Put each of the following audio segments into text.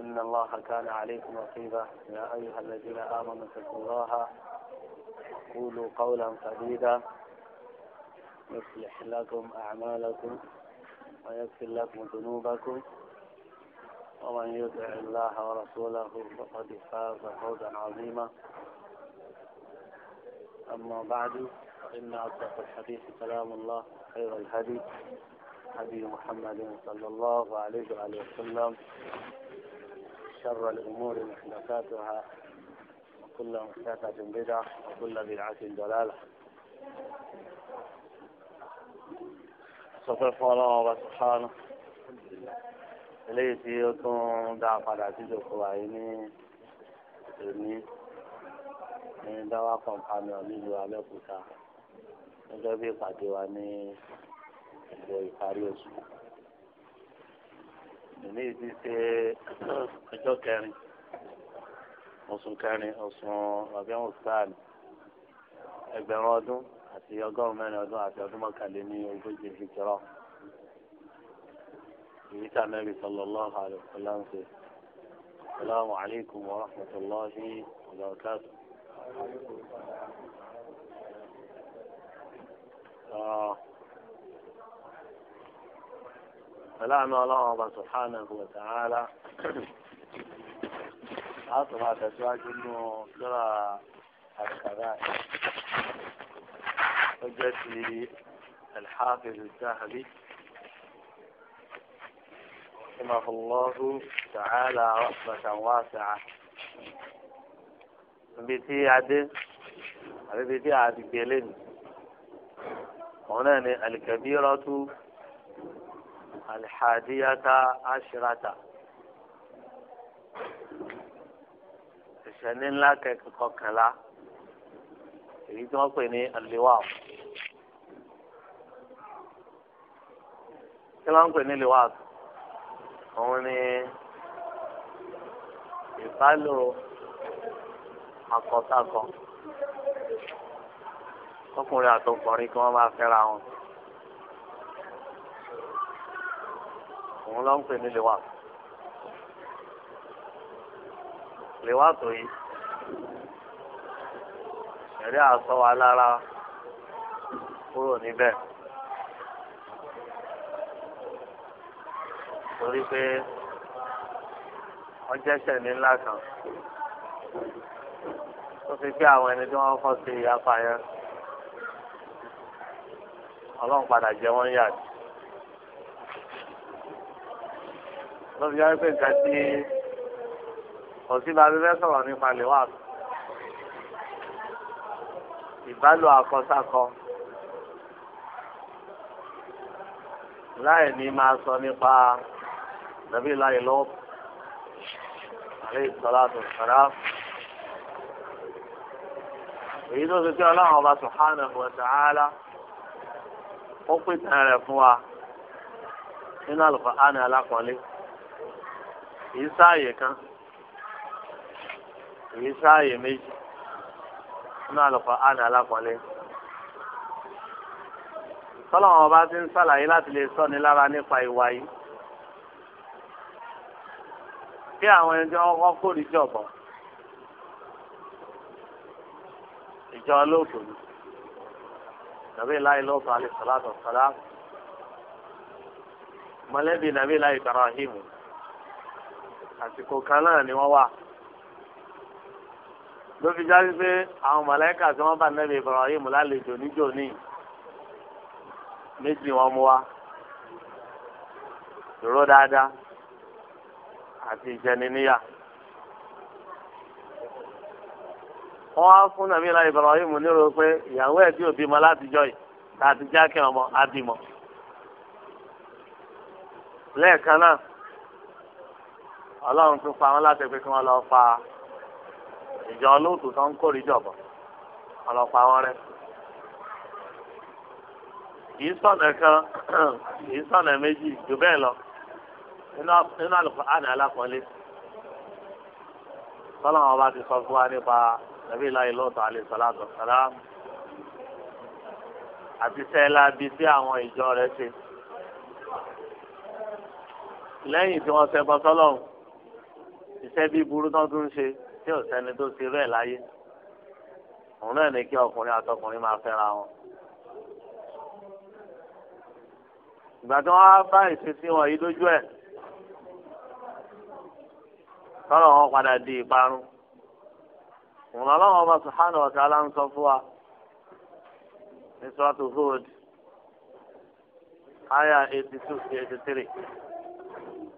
إن الله كان عليكم رقيبا يا أيها الذين آمنوا اتقوا الله قولوا قولا سديدا يصلح لكم أعمالكم ويغفر لكم ذنوبكم ومن يطع الله ورسوله فقد فاز فوزا عظيما أما بعد فإن أصدق الحديث كلام الله خير الهدي هدي محمد صلى الله عليه وآله وسلم شر الأمور محدثاتها وكل محدثة بدعة وكل بدعة ضلالة صفف الله سبحانه eléyìí tí ó tún dá padà sí ìdòkòwò àyè ní èmi ní dáwà kọ̀ǹpánìọ̀ nílùú Abẹ́òkúta gẹ́gẹ́ bí ìpàdé wa ní ìgbò ìparí oṣù èmi ti ṣe ọjọ́ kẹrin oṣù kẹrin oṣù ọ̀bẹ́wò sáàlì ẹgbẹ̀rún ọdún àti ọgọ́rùn-ún mẹ́rin ọdún àti ọdún mọ́kànlẹ́ ní ogójì ìfìkìrọ̀ èyí tá Ànábì sallallahu alaihi wasallam ń ṣe assalamu alaikum Uh, فلعن الله سبحانه وتعالى عطرة تسواج انه ترى الكبائر حجة الحافظ الذهبي رحمه الله تعالى رحمة واسعة بيتي عدل بيتي عدل بيلين هنا الكبيرة alihadiyata ashirata ìṣẹ̀lẹ̀ ńlá kọkànlá èyí tí wọ́n pè ní aliwa tí wọ́n pè ní aliwa òun ni ìbálò akọ̀tàkọ̀ ọkùnrin àtọkùnrin kí wọ́n máa fẹ́ra wọn. òun ló ń pè ní lewap lewap yìí ẹ̀rí àsọ wa lára kúrò níbẹ̀ torí pé wọ́n jẹ́sẹ̀ ní ńlá kan tó fi pé àwọn ẹni tí wọ́n fọ́ sí ìyá pa yẹn ọlọ́run padà jẹ wọ́n yàtí. lọ́bi yára pé nǹkan tí ọ̀sìnbàbí fẹ́ sọ̀rọ̀ nípa lè wà ìbálò àkọsákọ láì ní máa sọ nípa nàbí láì lọ́wọ́ àlẹ́ ìtọ́lá tó sọ̀rọ̀ èyí tó ti pé ọlọ́run ọba subhanahu wa ta'ala ó pè tán rẹ̀ fún wa nínú àlùkò àná alákọ̀ọ́lé kì í sáàyè kan kì í sáàyè méjì nínú àlùkò àná alákọ̀ọ́lé tọ́lọ́wọ́n ọba ti ń sàlàyé láti lè sọ ní lára nípa ìwà yìí kí àwọn ẹni tí wọ́n kọ́ kórìí jọ̀bọ̀ ìjọ olóògbé ni nàbí láì lọ́sọ̀ alẹ́ sàlátọ̀ sàlá mọ̀lẹ́bí nàbí láì Ibrahim. àsìkò kan náà ni wọ́n wà ló fi já pé àwọn mọ̀lẹ́kà tí wọ́n bá nẹ́bí Ibrahim lálejò níjò ní méjì wọn mú wa dúró dáadáa àti ìjẹniníyà. wọ́n á fún nàbí ilá Ibrahim nírò pé ìyàwó ẹ̀ tí ò bímọ látijọ́ yìí láti jákè ọlọ́run tún fa wọn láti pé kí wọ́n lọ fa ìjọ olóòtú tó ń kórè jọ̀bọ̀ ọlọ́pàá wọn rẹ. kì í sọ̀nà kan kì í sọ̀nà méjì jù bẹ́ẹ̀ lọ nínú àlùkò àná alákọ̀ọ́lé sọ́lọ́mọ ọba ti sọ fún wa nípa nàbí ìlà ìlọ́ọ̀tọ̀ alayhi salatu àti sẹ́ẹ̀lá bíi tí àwọn ìjọ rẹ̀ ṣe lẹ́yìn tí wọ́n ṣẹbọ sọ́lọ́run iṣẹ́ bí burú tó tún ṣe tí ò sẹ́ni tó ti rẹ̀ láyé òun náà ní kí ọkùnrin àtọkùnrin máa fẹ́ra wọn. ìgbà tí wọ́n á bá ìṣesí wọn yìí lójú ẹ̀ tọ́lọ̀ wọn padà di ìparun. òun ọlọ́run ọba subhanahu wa ta'ala fún wa ní sọ́tù Hud aya eighty two eighty three.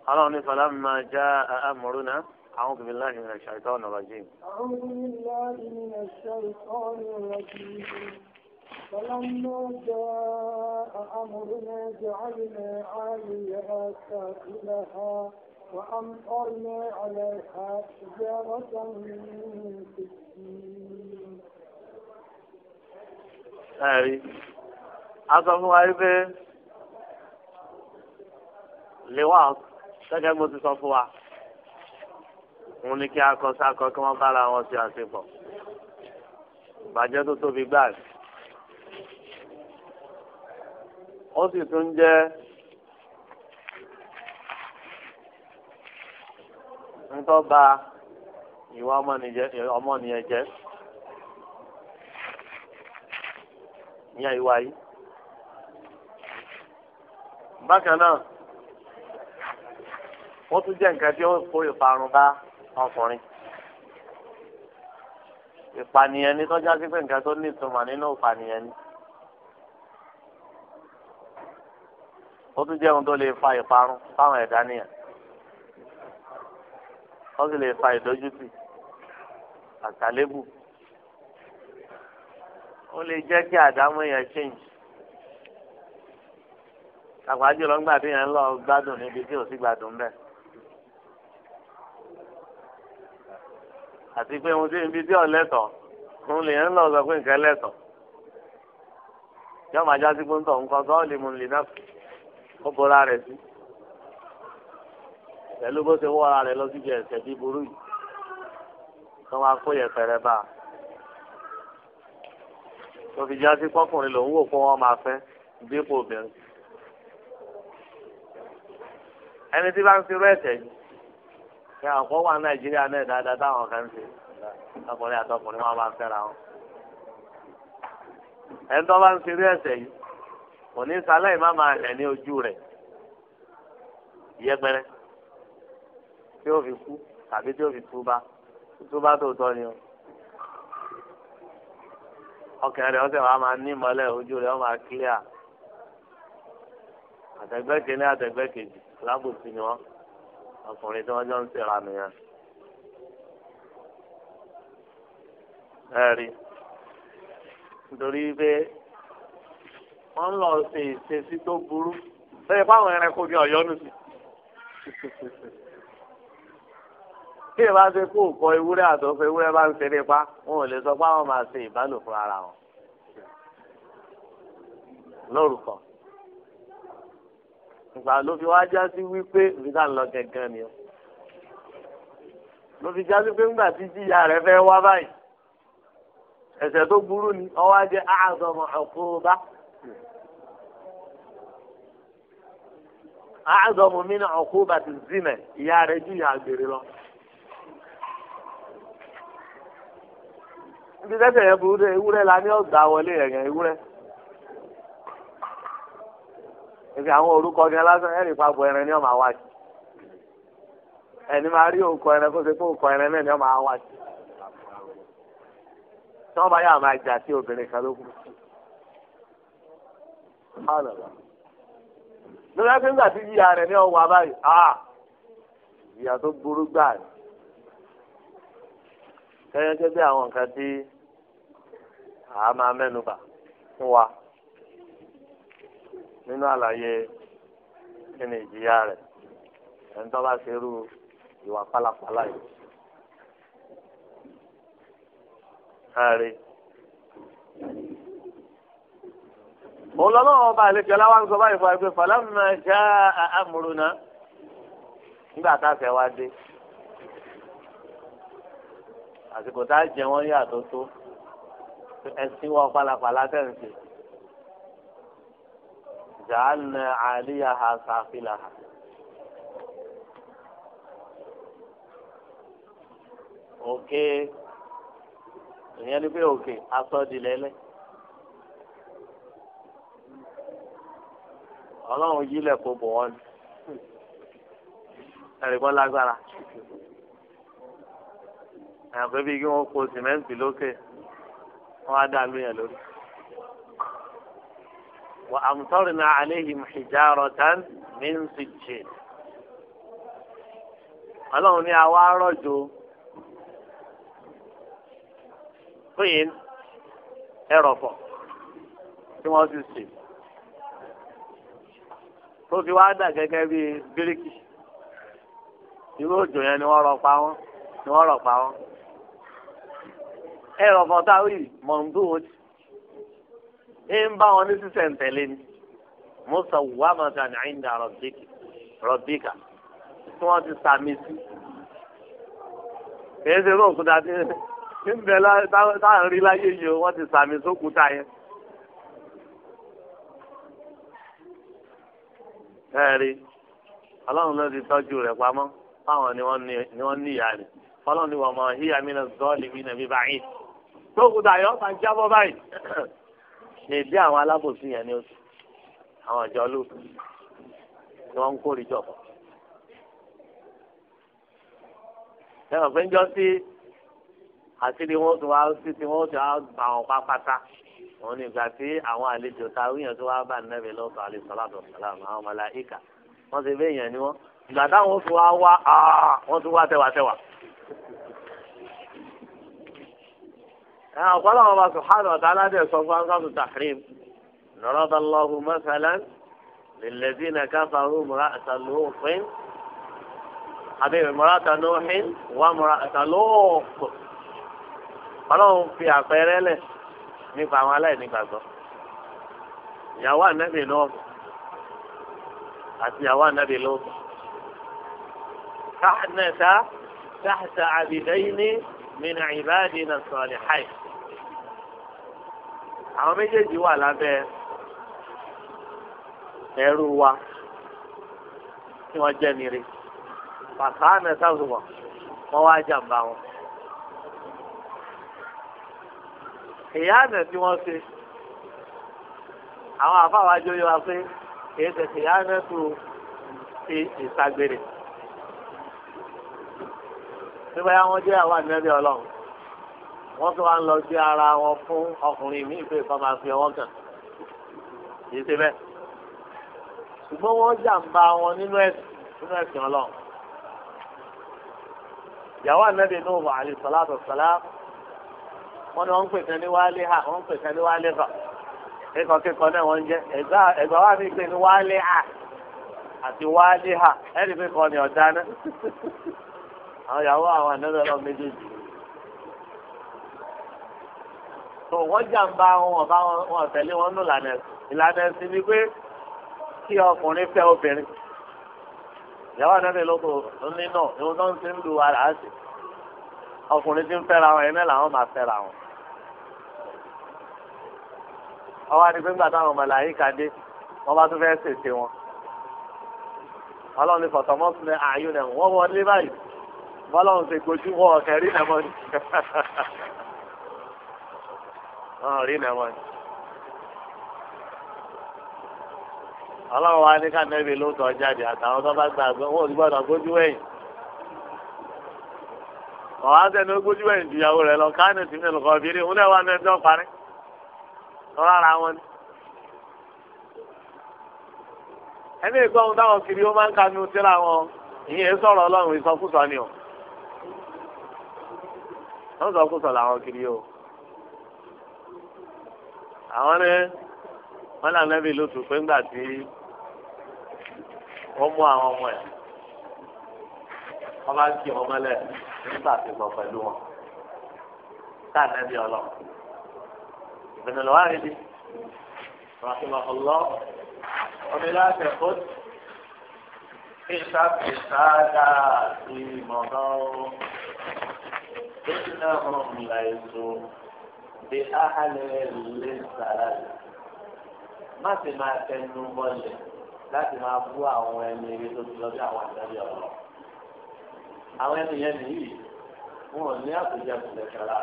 قال اني فلما جاء امرنا اعوذ بالله من الشيطان الرجيم اعوذ بالله من الشيطان الرجيم فلما جاء امرنا جعلنا عاليها ساكنها وامطرنا عليها حجاره من سجين gẹ́gẹ́ bó ti sọ fún wa òun ni kí akọ sákọ kí wọ́n bára wọn ṣe àṣepọ̀ ìbàjẹ́ tó tóbi gbáà ó sì tún jẹ́ ńtọ́ ba ìwà ọmọnìyàn jẹ́ ìyẹn ìwà yìí bákan náà. wọ́n tún jẹ́ nǹkan tí ó kó ìparun bá ọkùnrin. ìpànìyàn ni tọ́já sí nǹkan tó ní ìtumọ̀ nínú ìpànìyàn ni. ó tún jẹ́ ohun tó fa ìparun fáwọn ẹ̀dá nìyẹn. wọ́n sì lè fa ìdójútì àtàlébù. ó lè jẹ́ kí àdámọ́ change àgbájọ lọ ń yẹn ń lọ gbádùn níbi tí ò sí gbádùn àti pé ohun tí ibi tí ò lẹ́tọ̀ òun lè ń lọ sọ pé nǹkan lẹ́tọ̀ yọ màá jásí pé ń tọ̀ nǹkan sọ ọ́ lè mú un lè náà ó bora rẹ̀ sí pẹ̀lú bó ṣe wọ́ra rẹ̀ lọ síbi ẹ̀sẹ̀ bí burú yìí kí wọ́n máa kó yẹ̀fẹ̀rẹ̀ bá a tó fi jásí pọ́kùnrin lòun wò fún wọn máa fẹ́ dípò obìnrin ẹni tí bá ń fi rú ẹ̀sẹ̀ yìí ṣe àkọ́ wà nàìjíríà náà dáadáa táwọn kan ṣe ọkùnrin àtọkùnrin wọn bá ń fẹ́ra wọn. ẹni tó bá ń ṣeré ẹ̀sẹ̀ yìí kò ní sálẹ̀ má máa rẹ̀ ní ojú rẹ̀ yẹpẹrẹ tí ó fi kú tàbí tí ó fi túbá túbá tó tọ́ ni o. ọkàn rẹ̀ ọ̀sẹ̀ wa máa ní ìmọ́lẹ̀ ojú rẹ̀ wọ́n máa kílíà àtẹ̀gbẹ́ kìíní àtẹ̀gbẹ́ kejì lábòsí ni wọ́n ọkùnrin tí wọ́n jọ ń ṣèrà nìyẹn. ẹ̀rí nítorí pé wọ́n lọ ṣe ìṣesí tó burú bẹ́ẹ̀ fáwọn ẹranko ní ọ̀yọ́ nù sí. tí ìbá ṣe kó kọ ewúrẹ́ àtọ́fẹ́ ewúrẹ́ bá ń ṣe nípa wọn ò lè sọ pé àwọn máa ṣe ìbálò ara wọn lórúkọ ìgbà ló fi wá já sí wípé ìgbà ń lọ gẹ̀gẹ́ ni o ló fi já sí pé ńgbà tí jíya rẹ fẹ́ wá báyìí ẹ̀ṣẹ̀ tó burú ni ọwọ́ á jẹ́ àádọ́mọ ọ̀kúrúbá àádọ́mọ mi ní ọ̀kúrúbá ti zìnà ìyá rẹ ju ìyá àgbèrè lọ. ibi tẹ́tẹ̀ yẹn burú dé ewúrẹ́ la ní ọ̀gbà wọlé ẹ̀yàn ewúrẹ́. ebi àwọn orúkọ gan lásán ẹ̀rì papọ̀ ẹran ni wọ́n máa wá ẹni máa rí òkọ ẹran kó ṣe pé òkọ ẹran náà ni wọ́n máa wá tí wọ́n bá yà máa jà sí obìnrin kan ló kù yíya rẹ̀ ní ọwọ́ abáyé ah ìyá tó nínú àlàyé nínú ìjìyà rẹ̀ ẹni tó bá ṣe irú ìwà pálapàla yìí. Ààrẹ olọ́lọ́wọ́ ọba àlejò aláwọ̀ sọ báyìí fún ẹgbẹ́ fàlámà já àmúrúnà nígbà tá a fẹ́ wá dé àsìkò tá a jẹ wọ́n yàtọ̀ tó ẹ̀sìn wọ́n pálapàla tẹ̀ ń sè jàánà àlíyàhà sàfìlàhà. òkè ìyẹn ni pé òkè asọ́dìlẹ́lẹ́. ọlọ́run yílẹ̀ kó bọ̀ wọ́n ni ẹ̀rìbọ́ lágbára ẹ̀rìbọ́ bíi kí wọ́n po sìmẹ́ǹtì lókè wọ́n á dá lóyún lórí. wà àmútọ́rìnà àléhìm hijaratan min ọlọ́run ní àwa rọ̀jò péyìn ẹrọ̀fọ̀ tí wọ́n ti sè tó fi wá dà gẹ́gẹ́ bí bíríkì irú òjò yẹn ni wọ́n rọ̀ pa wọ́n ni wọ́n rọ̀ pa wọ́n ń bá wọn ní sísẹ̀ ń tẹ̀lé ni musa wà màtà ní àyíǹda rọ̀bíkà tí wọ́n ti sàmì sí. kìí ṣe fún òkúta tí ń bẹ táwọn rí láyé yìí wọ́n ti sàmì sókúta yẹn. ẹ̀rí ọlọ́run ló ti tọ́jú rẹ̀ pamọ́ fáwọn ni wọ́n ní ìyá rẹ̀ fọlọ́run ni wọ́n mọ̀ híyàmínà zọ́ọ̀lì mí nàbí báyìí. sókúta yẹn ọ̀sán jábọ́ báyìí èdè àwọn alábòsí yẹn ni ó sì àwọn ìjọ lù ni wọ́n ń kórè jọ. lẹ́yìn ọ̀pẹ́ ń jọ sí àṣírí wọn tún wá sí tí wọ́n tún wá gbà wọn pápátá òun ni ìgbà tí àwọn àlejò ta wíyàn tó wá bá nẹ́bẹ̀ lọ́sọ̀ àlè sọ́làdọ̀ sàlámù àwọn ọmọlá ìkà wọ́n ti bẹ́ẹ̀ yẹn ni wọ́n ìgbà táwọn tún wá wá wọ́n tún wá tẹ́wàtẹ́wà. ọ̀pọ̀lọpọ̀ ọba sùhánù ọ̀tá aládé sọ fún ansáàtù tahrim lọ́rọ́dà lọ́hù mẹ́sàlán lèlẹ́dí na káfàrú mura àtàlóòfin àbí mura àtàlóòfin wà mura àtàlóòfò ọlọ́run fi àpẹẹrẹ lẹ̀ nípa àwọn aláìní gbàgbọ́ ìyàwó ànábì lọ́ọ̀fù àti ìyàwó ànábì lọ́ọ̀fù káàdínẹ̀ta táàtà àbìdẹ́yìn ní min ibadina sọ̀rọ̀ ní hàì àwọn méjèèjì wà lábẹ́ ẹrú wa tí wọ́n jẹ́ nire pàṣánà sáwùwọ̀ wọ́n wá jàǹbá wọn. ìyáàna tí wọ́n ṣe àwọn àfáwà jóyè wa pé kìí tẹ̀sí ìyáàna tó fi ìsagbèrè. nígbà yà wọ́n jẹ́ àwọn àmì ẹ̀rí ọlọ́run wọ́n tún wá ń lọ sí ara wọn fún ọkùnrin míì pé kọ́ máa fi ọwọ́ kàn yìí ṣe bẹ́ẹ̀ ṣùgbọ́n wọ́n jàǹbá wọn nínú ẹ̀sìn nínú ẹ̀sìn ọlọ́run ìyàwó ànábì Nuhu alayhi salatu wassalam wọ́n ní wọ́n ń pèsè ní wálé hà wọ́n ń pèsè ní wálé bà kíkọ́ náà wọ́n ń jẹ́ ẹ̀gbá wa mi pè ní wálé hà àti wálé hà ẹ̀rí pé kọ́ ni ọ̀dá àwọn ìyàwó àwọn ànábì ọlọ́run méjèèjì tó wọ́n jàǹbá wọn ọ̀bá wọn tẹ̀lé wọn nù lànà ìlànà ẹ̀sìn ni pé kí ọkùnrin fẹ́ obìnrin ìyàwó ànábì lóko nínú ìwọ tó ń ti ń lu ara àṣì ọkùnrin ti ń fẹ́ra wọn ẹ̀mẹ́ làwọn máa fẹ́ra wọn. ọwọ́ adigun gbà táwọn mọ̀láyé kadé wọ́n bá tún fẹ́ ṣèṣe wọn. ọlọ́run ní fọ̀tọ̀mọ́sílẹ̀ ààyò nẹ̀ wọ́n wọlé báyìí bọ́lọ́run ṣe gbojú wọn ọ̀kẹ́ rí nẹ̀ mọ́ni. wọn rí nà wọn. ọlọ́run wa ní kánẹ́bì ló tọ́ jáde àtàwọn tó bá gbàgbọ́ wọn ò ní gbọ́dọ̀ gbójú wẹ̀yìn. ọ̀hún àtẹnu gbójú wẹ̀yìn ìdìyàwó rẹ̀ lọ káàní tí mi lùkọ́ bìíní òun náà wà ní ẹjọ́ parí. lọ́wọ́ ara wọn ni. ẹni ìgbọ́ ohun táwọn kiri ó máa ń kanú síra wọn ìyẹn sọ̀rọ̀ ọlọ́run ìsọkúsọ ni o. wọ́n sọkúsọ làwọn kiri o àwọn ní wọn náà lẹ́bi lóṣù pé ńgbà tí ó mú àwọn ọmọ ẹ̀ wọ́n bá ń kí ọmọ lẹ̀ nígbà tí wọ́n pẹ̀lú wọn ká lẹ́bi ọlọ́ ìbẹ̀rẹ̀ lọ́wọ́ àrídì ràṣìmọ̀ ọlọ́ omi láti ẹ̀kọ́ ìṣàkìṣàdá ìmọ̀ràn ìnáwó ńlá èso. bí ahàlẹ̀ lè sàrà rẹ̀ má sì máa tẹnu bọ́lẹ̀ láti máa bú àwọn ẹni eré tó ti lọ àwọn àtàbí ọ̀rọ̀ àwọn ẹni yẹn nìyí wọn ò ní àpèjẹ kùtẹ̀ sàrà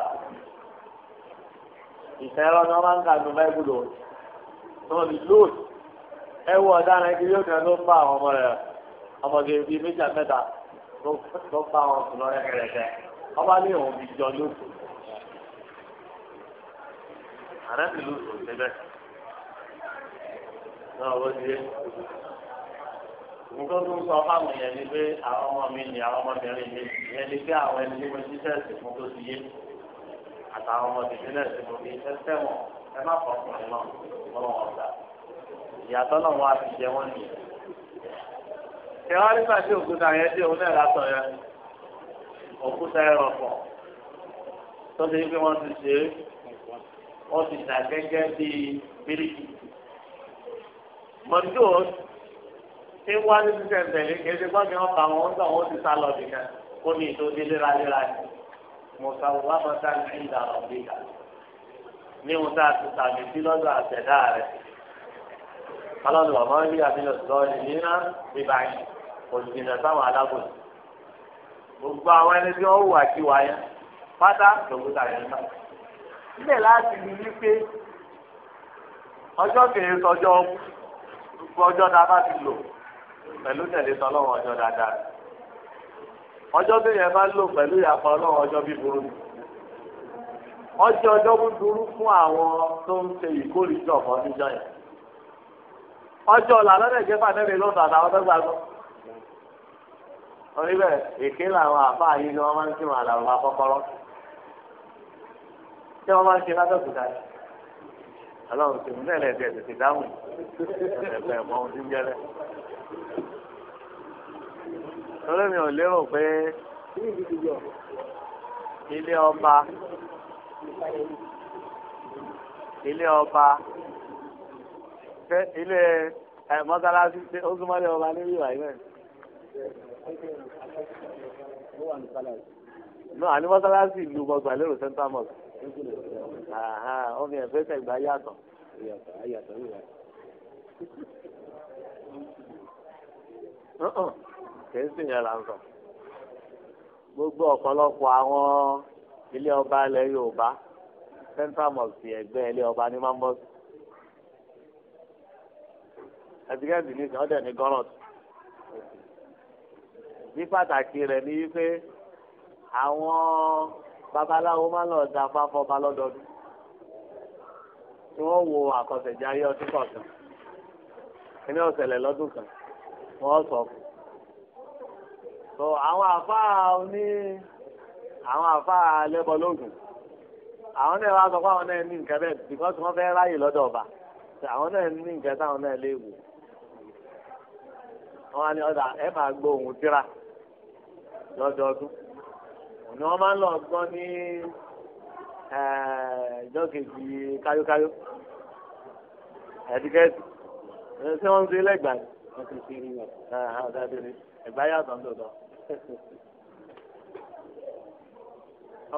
ìfẹ́ ọ̀nà máa ń kà nù báyìbùlù náà ní lóòtù ẹ wọ ọ̀daràn yóò kẹ́ ló ń bá àwọn ọmọ ọmọge mẹ́ta ló bá àwọn kẹrẹ̀kẹ́ ní òun àrẹ́bí ló sùn síbẹ̀ náà wọ́n ti yé nǹkan tó ń sọ fáwọn èèyàn ni pé àwọn ọmọ mi ni àwọn ọmọbìnrin mi ìyẹn ni pé àwọn ẹni tí mo ti sẹ́ẹ̀sì fún tó ti yé àtàwọn ọmọbìnrin náà ti mo fi ẹsẹ̀ wọn ẹ má fọ ọkùnrin náà lọ́wọ́ ọ̀gá ìyàtọ̀ náà wọn á fi jẹ wọn nìyẹn. ìwà nígbà tí òkúta yẹn dé òun náà látọ̀ yẹn òkúta ẹ̀rọ̀ pọ̀ tó ti yí pé wọ́n ti ṣe é wọ́n ti tà gẹ́gẹ́ bíi bíríkì. mọ̀jọ́ ṣé wá ní sísẹ̀ tẹ̀lé kéde gbọ́n mi ọkọ̀ àwọn ọ̀dọ́ àwọn ti sá lọ nìkan ó ní ìtòdí léraléra ni mọ̀ká wà bàtà ní ìlà ọ̀gbìnkà ní wọn tá a ti sàmì sí lọ́dọ̀ àtẹ̀dá rẹ̀ kálọ́dù ọ̀mọ́ ní àbílẹ̀ sọ́ọ̀lì nínú bíbá yìí òṣìṣẹ́ sáwọn alábòsí gbogbo àwọn ẹni tí wọ́n wù àti wáyé pátá lòkúta síbẹ̀ láti rí wípé ọjọ́ kìí sọjọ́ gbogbo ọjọ́ tá a bá ti lò pẹ̀lú tẹ̀lé tọ́lọ́wọ́ ọjọ́ dáadáa ọjọ́ tó yẹ bá lò pẹ̀lú ìyàpọ̀ ọlọ́wọ́ ọjọ́ bí burú ni ọjọ́ ọjọ́ búburú fún àwọn tó ń ṣe ìkórìíjọ ọ̀kan níjọ yẹn ọjọ́ ọ̀la lọ́dẹ̀ jẹ́ fàtẹ́lẹ̀ lọ́sọ̀ àtàwọn tó gbàgbọ́ orí bẹ́ẹ̀ èké làwọn àfáà yìí ni wọ́n máa ń kírun àlàrò tí wọ́n máa ń ṣe lábẹ́kù dáadáa ọlọ́run tèmi náà lè tẹ̀ tètè dáhùn ẹ̀fẹ̀ mọ ohun tí ń jẹ́lẹ̀. torí mi ò lérò pé ilé ọba ilé ọba ilé ẹ mọ́sálásí ṣe ó súnmọ́ ilé ọba níbí ìwà ìwẹ̀. Nú àní mọ́sálásí ìlú gbọ̀gbà lérò central Uh-uh, gbogbo ọpọlọpọ àwọn ilé ọba ilẹ̀ Yorùbá central mosque ẹgbẹ́ ilé ọba ní mambos ẹtìkẹ́tì ní sọ ọ́dẹ̀ ní gọ́rọ̀t ní pàtàkì rẹ̀ ní wípé àwọn. babaláwo máa ń lọ da fáfọ́ba lọ́dọọdún tí wọ́n wo kọ̀ọ̀kan ẹni ọ̀sẹ̀lẹ̀ lọ́dún kan wọ́n sọ fún so àwọn àfáà oní àwọn àfáà lẹ́bọ̀lógún àwọn náà wá sọ pé àwọn náà ní nǹkan bẹ́ẹ̀ wọ́n ráyè lọ́dọ̀ ọba àwọn náà ní nǹkan táwọn náà lè wò wọ́n á ní ọ̀dà ẹ máa tíra lọ́dọọdún. òní wọn máa ń lọ gbọ́n ní eh, ìjọ kejì káyókáyó ẹ̀dígẹ́tì eh, ṣé wọ́n ń ṣe lẹ́gbàá ni wọ́n ti fi rí wọn ọ̀dàdé ni ẹ̀gbá yàtọ̀ ń dòdò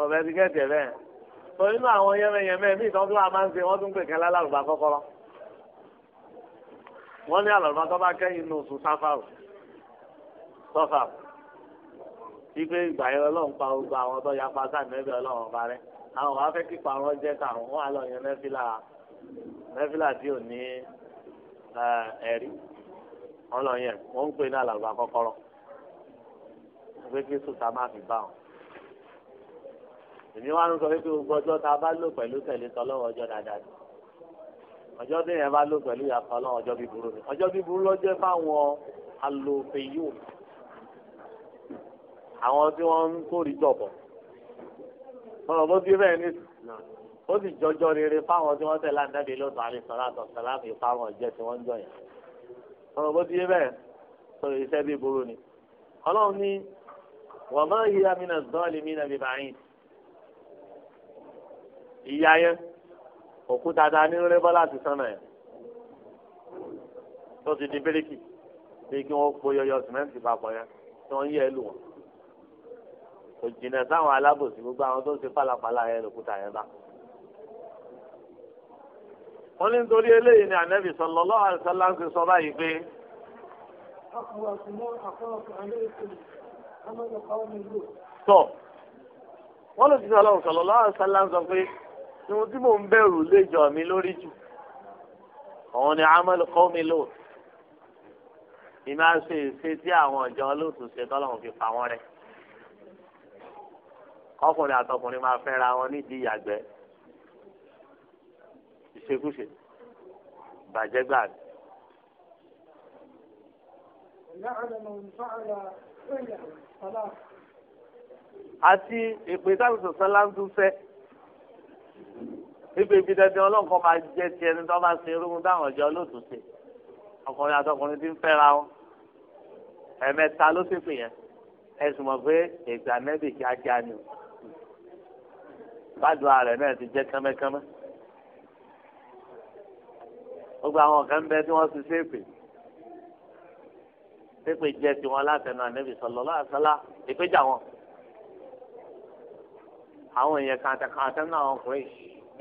ọ̀bẹ ẹ̀dígẹ́tì ẹ̀ bẹ́ẹ̀ tó nínú àwọn yẹ́mẹ̀yẹ́mẹ́ míì tó ń tún àmà ń ṣe wọ́n tún pè kẹ́lá lálùbá kọ́kọ́rọ́ wọ́n ní àlọ́lùbá tó bá kẹ́yìn nù sùn sáfàrù wípé ìgbà yẹn ọlọ́run pa gbogbo àwọn tó yapa sáàmẹ́bí ọlọ́run ọba rẹ àwọn wàá fẹ́ kípa wọn jẹ́ káwọn wọn àlọ́ yẹn nẹ́fìlà nẹ́fìlà tí ò ní ẹ̀rí wọn lọ yẹn wọn ń pè ní àlàgbà kọ́kọ́rọ́ pé kí sùtà má fi bá wọn. èmi wá ń sọ pé gbogbo ọjọ́ tá a bá lò pẹ̀lú tẹ̀lé tọ́lọ́wọ́ ọjọ́ dáadáa ni ọjọ́ tí yẹn bá lò pẹ̀lú ìyàtọ̀ ọlọ́run ọjọ́ bíburú ni ọjọ́ bíburú lọ́jọ́ fáwọn alòfin àwọn tí wọ́n ń kórì jọ̀bọ̀ ọ̀rọ̀ bó ti bẹ́ẹ̀ ní ó sì jọjọ rere fáwọn tí wọ́n tẹ̀lé àdáde lọ́tọ̀ àlẹ́sọ̀rọ̀ àtọ̀sọ̀rọ̀ àfi fáwọn jẹ́ tí wọ́n ń jọyàn ọ̀rọ̀ bó ti bẹ́ẹ̀ sọ iṣẹ́ bí burú ni ọlọ́run ní wọ́n máa ń yíra mìíràn dọ́ọ̀lì mìíràn bíbá ìyá yẹn òkúta ta ní rẹ́bọ́ láti sánà yẹn tó ti di bíríkì bí kí wọ́n po yọyọ sìmẹ́ǹtì papọ̀ yẹn tí wọ́n yẹ ẹ lù wọ́n kò jìnnà sáwọn alábòsí gbogbo àwọn tó ń ṣe pálapàla yẹn lòkúta yẹn bá. wọ́n ní nítorí eléyìí ni ànẹ́bí sallallahu alaihi wasallam ń sọ báyìí pé. tọ́ wọ́n lè ti sọ̀rọ̀ sallallahu alaihi wasallam ń sọ pé ohun tí mò ń bẹ̀rù lè jọ mi lórí jù òun ni amẹ́lì kọ́ mi lò ìmáa ṣe ìṣe tí àwọn ọ̀jọ́ lóòtú ṣe tọ́lọ́run fi pa wọ́n rẹ̀ ọkùnrin àtọkùnrin máa fẹ́ra wọn nídìí ìyàgbẹ́ ìṣekúṣe bàjẹ́ gbà ní. àti ìpè sábìsì sọlá ń tún fẹ́ ibi ibi dandan ọlọ́nkọ́ máa jẹ́ ti ẹni tó bá ṣe irúgbìn táwọn ọjọ́ olóòtú ṣe ọkùnrin àtọkùnrin ti ń fẹ́ra wọn ẹ̀ẹ̀mẹta ló sì pè yẹn ẹ̀sùn mọ̀ pé ègbà mẹ́bì kíákíá ni o gbàdúrà rẹ̀ náà ti jẹ́ kánmẹ́kánmẹ́. gbogbo àwọn kan bẹ tí wọ́n ti ṣépè ṣépè jẹ́ tiwọn látẹnu ànábì sallallahu alaihi wasallam ìpéjà wọn. àwọn èèyàn kan àtẹkàn àtẹnu àwọn ọkùnrin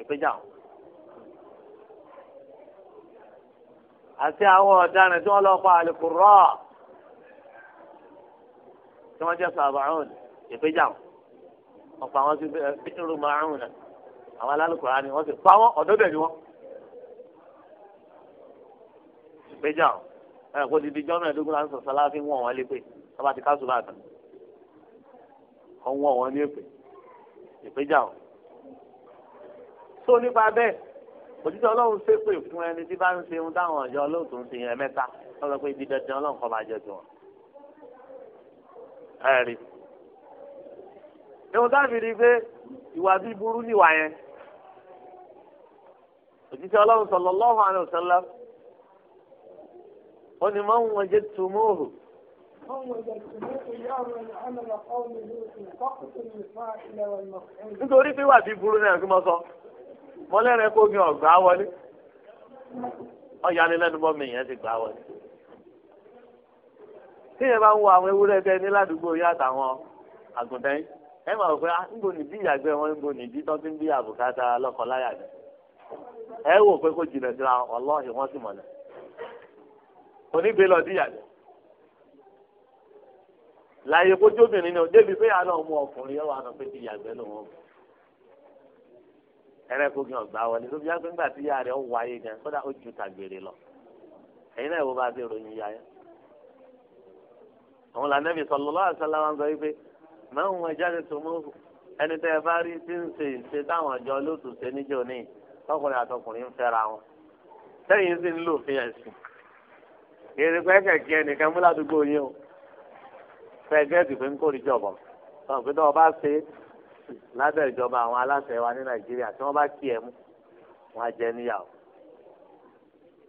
ìpéjà wọn. àti àwọn ọ̀daràn tí wọ́n lọ pa àlùkùrọ̀ tí wọ́n jẹ́ sàbàrún ìpéjà wọn ọ̀pọ̀ àwọn ti bẹ́ẹ̀rù márùn náà àwọn alálùkùrá ni wọ́n ti pa wọ́n ọ̀dọ́ bẹ̀ ni wọ́n. ìgbéjà ọ̀ ẹ̀ kó di di jọ́nà ẹ̀dógún láti sọ̀sọ́ láti wọ̀n wọn lépè tọ́ba ti káṣù bàtà ọ̀wọ́n wọn ní èpè ọ̀. tó nípa bẹ́ẹ̀ òtítọ́ ọlọ́run ṣépè fún ẹni tí bá ń ṣe ohun táwọn ọ̀jọ́ olóòtú ń ṣe yẹn mẹ́ta lọ́sọ pé ibi dandan ọlọ́run kọ́ máa jẹ tiwọn. ẹ̀rí ìwọ̀n káfí ni pé ìwà bíi burú níwà yẹn òjíṣẹ́ ọlọ́run sallallahu alaihi wasallam ó ní man wajadtumuhu. nítorí pé ìwà bíi burú náà kí mo sọ mọ́lẹ́rìn kó mi ọ̀gbá wọlé ọ̀yanilẹ́nu bọ́ mi yẹn ti wọlé bá ń wo àwọn ewúrẹ́ bẹ́ẹ̀ ní ládùúgbò àgùntàn yìí ẹ máa wò pé ah, níbo nìdí ìyàgbẹ́ wọn níbo nìdí tó ti ń bí àbùkátà lọ́kọ̀láyà ni ẹ wò pé kó jìnnà síra ọlọ́ọ̀hìn wọ́n sì mọ̀nà onígbé lọ sí ìyàgbẹ́ láyé kójú obìnrin ni débi pé àná ọmọ ọkùnrin yẹn wà lọ pé ti ìyàgbẹ́ ló wọlé tó tí wáyé gan kódà ó ju tàgbèrè lọ náà ìwọ bá àwọn làǹdẹ́bí máa ń wọn jáde tó mú ẹni tẹ́ ẹ bá rí tí ń ṣe ìṣe táwọn àjọ olóòtú ṣe níjọ ní tọkùnrin àtọkùnrin ń fẹ́ra wọn sẹ́yìn sì ń lò fi ẹ̀sìn èrè pẹ́kẹ̀ kí ẹnìkan mú ládùúgbò yín o fẹ́gẹ́tì pé ń kórìíjọ bọ̀ sọ̀rọ̀ pé tọ́wọ́ bá ṣe lábẹ́ ìjọba àwọn aláṣẹ wa ní nàìjíríà tí wọ́n bá kí ẹ mú wọn á jẹ níyàwó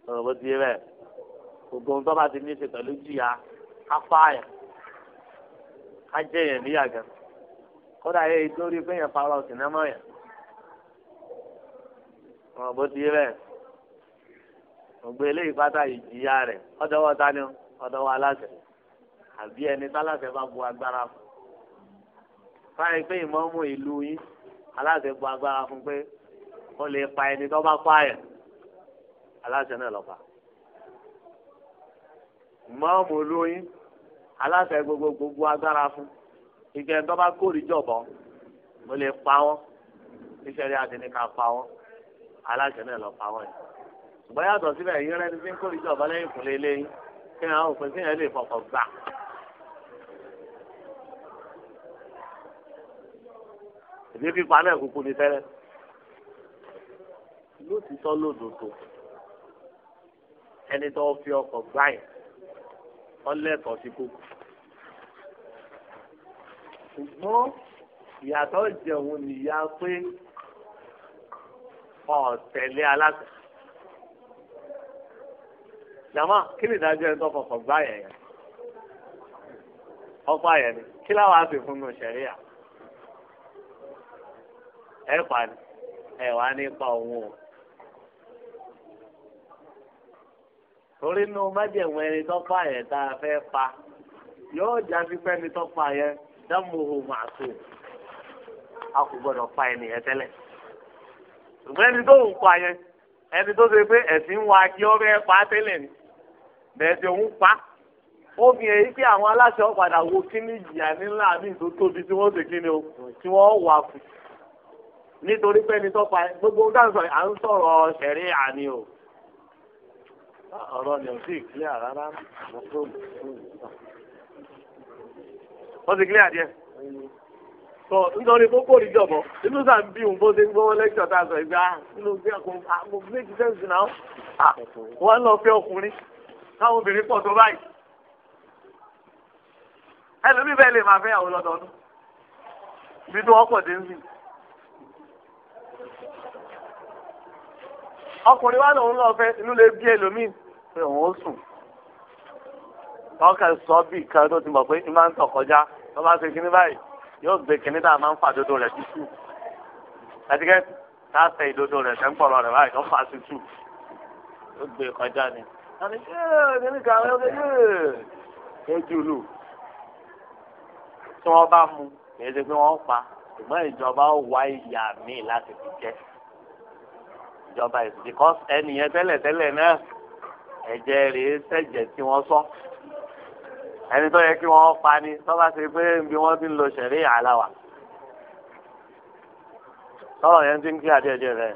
sọ̀rọ̀ bó ti yé bẹ́ẹ̀ gbogbo ohun tó bá ti ní í ṣe pẹ̀lú jìyà apá yẹn ká jẹ́ yẹn níyà gan kódà yẹ ìdórí pé yẹn parọ́ sinimá yẹn ọ̀rọ̀ bó ti yé bẹ́ẹ̀ ògbé eléyìí pátá ìjìyà rẹ̀ ọ̀dọ̀ wọ́n ta ni ọ̀dọ̀ wọ́n aláṣẹ àbí ẹni táláṣẹ bá bu agbára fún fáyìn pé ìmọ̀ọ́mù ìlú yín aláṣẹ bu agbára fún pé ó lè pa ẹni tó bá pààyàn aláṣẹ náà lọ́pàá ìmọ̀ọ́mù ìlú yín aláṣẹ gbogbo gbogbo agbára fún ìgbẹ́ tó bá kórìí jọ̀bọ̀ mo lè pa wọ́n iṣẹ́ rí adìní ká pa wọ́n aláṣẹ náà lọ pa wọ́n yìí ṣùgbọ́n yàtọ̀ síbẹ̀ yín rẹ́ni tí ń kórìí jọ̀bọ̀ lẹ́yìn kùn lélẹ́ yín kí ni àwọn òpin síyẹn lè fọkàn gbà. ìdí pípa náà kúkú ni tẹ́lẹ̀ lótìtọ́ lódòdó ẹni tó fi ọkọ̀ gbá yìí ọlẹ́kọ̀ọ́ sí kókò. ṣùgbọ́n ìyàtọ̀ jẹun nìyá pé ọ̀tẹ̀lẹ̀ aláṣẹ. jàmá kí ni ìdájọ́ ẹni tó gbá yẹn yẹn ọ̀pá ni kí láwọn fi fún un ṣẹ̀ríyà ẹ̀ pa ẹ̀ wá ní òun o. torí inú májèwọ̀n ẹni tó pa yẹn tá a fẹ́ pa yóò jáde pé ẹni tó pa yẹn dámòhò màtó a kò gbọdọ̀ pa ẹni yẹn tẹ́lẹ̀ ṣùgbọ́n ẹni tó ń pa yẹn ẹni tó ṣe pé ẹ̀sìn wa kí ọ bẹ́ẹ̀ pa tẹ́lẹ̀ ni bẹ́ẹ̀ tí òun pa ó fi hàn yí pé àwọn aláṣẹ ọ̀padà wo kíní ìjìyà nílá mi tó tóbi tí wọ́n ṣe kíni o tí wọ́n wà fún nítorí pé ẹni tó pa gbogbo dáhùn à ọ̀rọ̀ ni ò sí ìpínlẹ̀ rárá wọ́n ti kílẹ̀ adìẹ. sọ nítorí kókó ìjọbọ inú sàn bí òun bó ṣe ń gbọ́wọ́ lẹ́kítọ̀ tá a sọ ìgbà inú bí àkókò méjì sẹ́ǹsì náà wọ́n lọ fẹ́ ọkùnrin táwọn obìnrin pọ̀ tó báyìí. ẹlòmíì bẹ́ẹ̀ lè máa fẹ́ àwọn ọlọ́dọọdún ibi tí wọ́n pọ̀ dé ń sìn. ọkùnrin wa lòun náà fẹ́ inú lè bí ẹlòmíì pé òun ó sùn ọkàn sọ bíi kan tó ti mọ̀ pé ní máa ń tọ̀ kọjá tó bá ṣe kíní báyìí yóò gbé kíní tá a máa ń fà dodo rẹ̀ tútù ẹtikẹ́ tá a fẹ́ ìdodo rẹ̀ tẹ́ ń pọ̀rọ̀ rẹ̀ báyìí tó fà sí tù ó gbé e kọjá ni. lójú lù tí wọ́n bá mu kì í ṣe pé wọ́n pa ṣùgbọ́n ìjọba ó wá ìyá míì láti fi jẹ́ ìjọba yìí because ẹnìyẹn tẹ́lẹ̀tẹ́lẹ̀ náà ẹ̀jẹ̀ rèé sẹ̀jẹ̀ tí wọ́n sọ ẹni tó yẹ kí wọ́n pa ni tọ́ba ṣe pé nbí wọ́n ti ń lo ṣẹ̀rí àláwà tọ́rọ̀ yẹn ti ń kí adéẹ̀jẹ̀ rẹ̀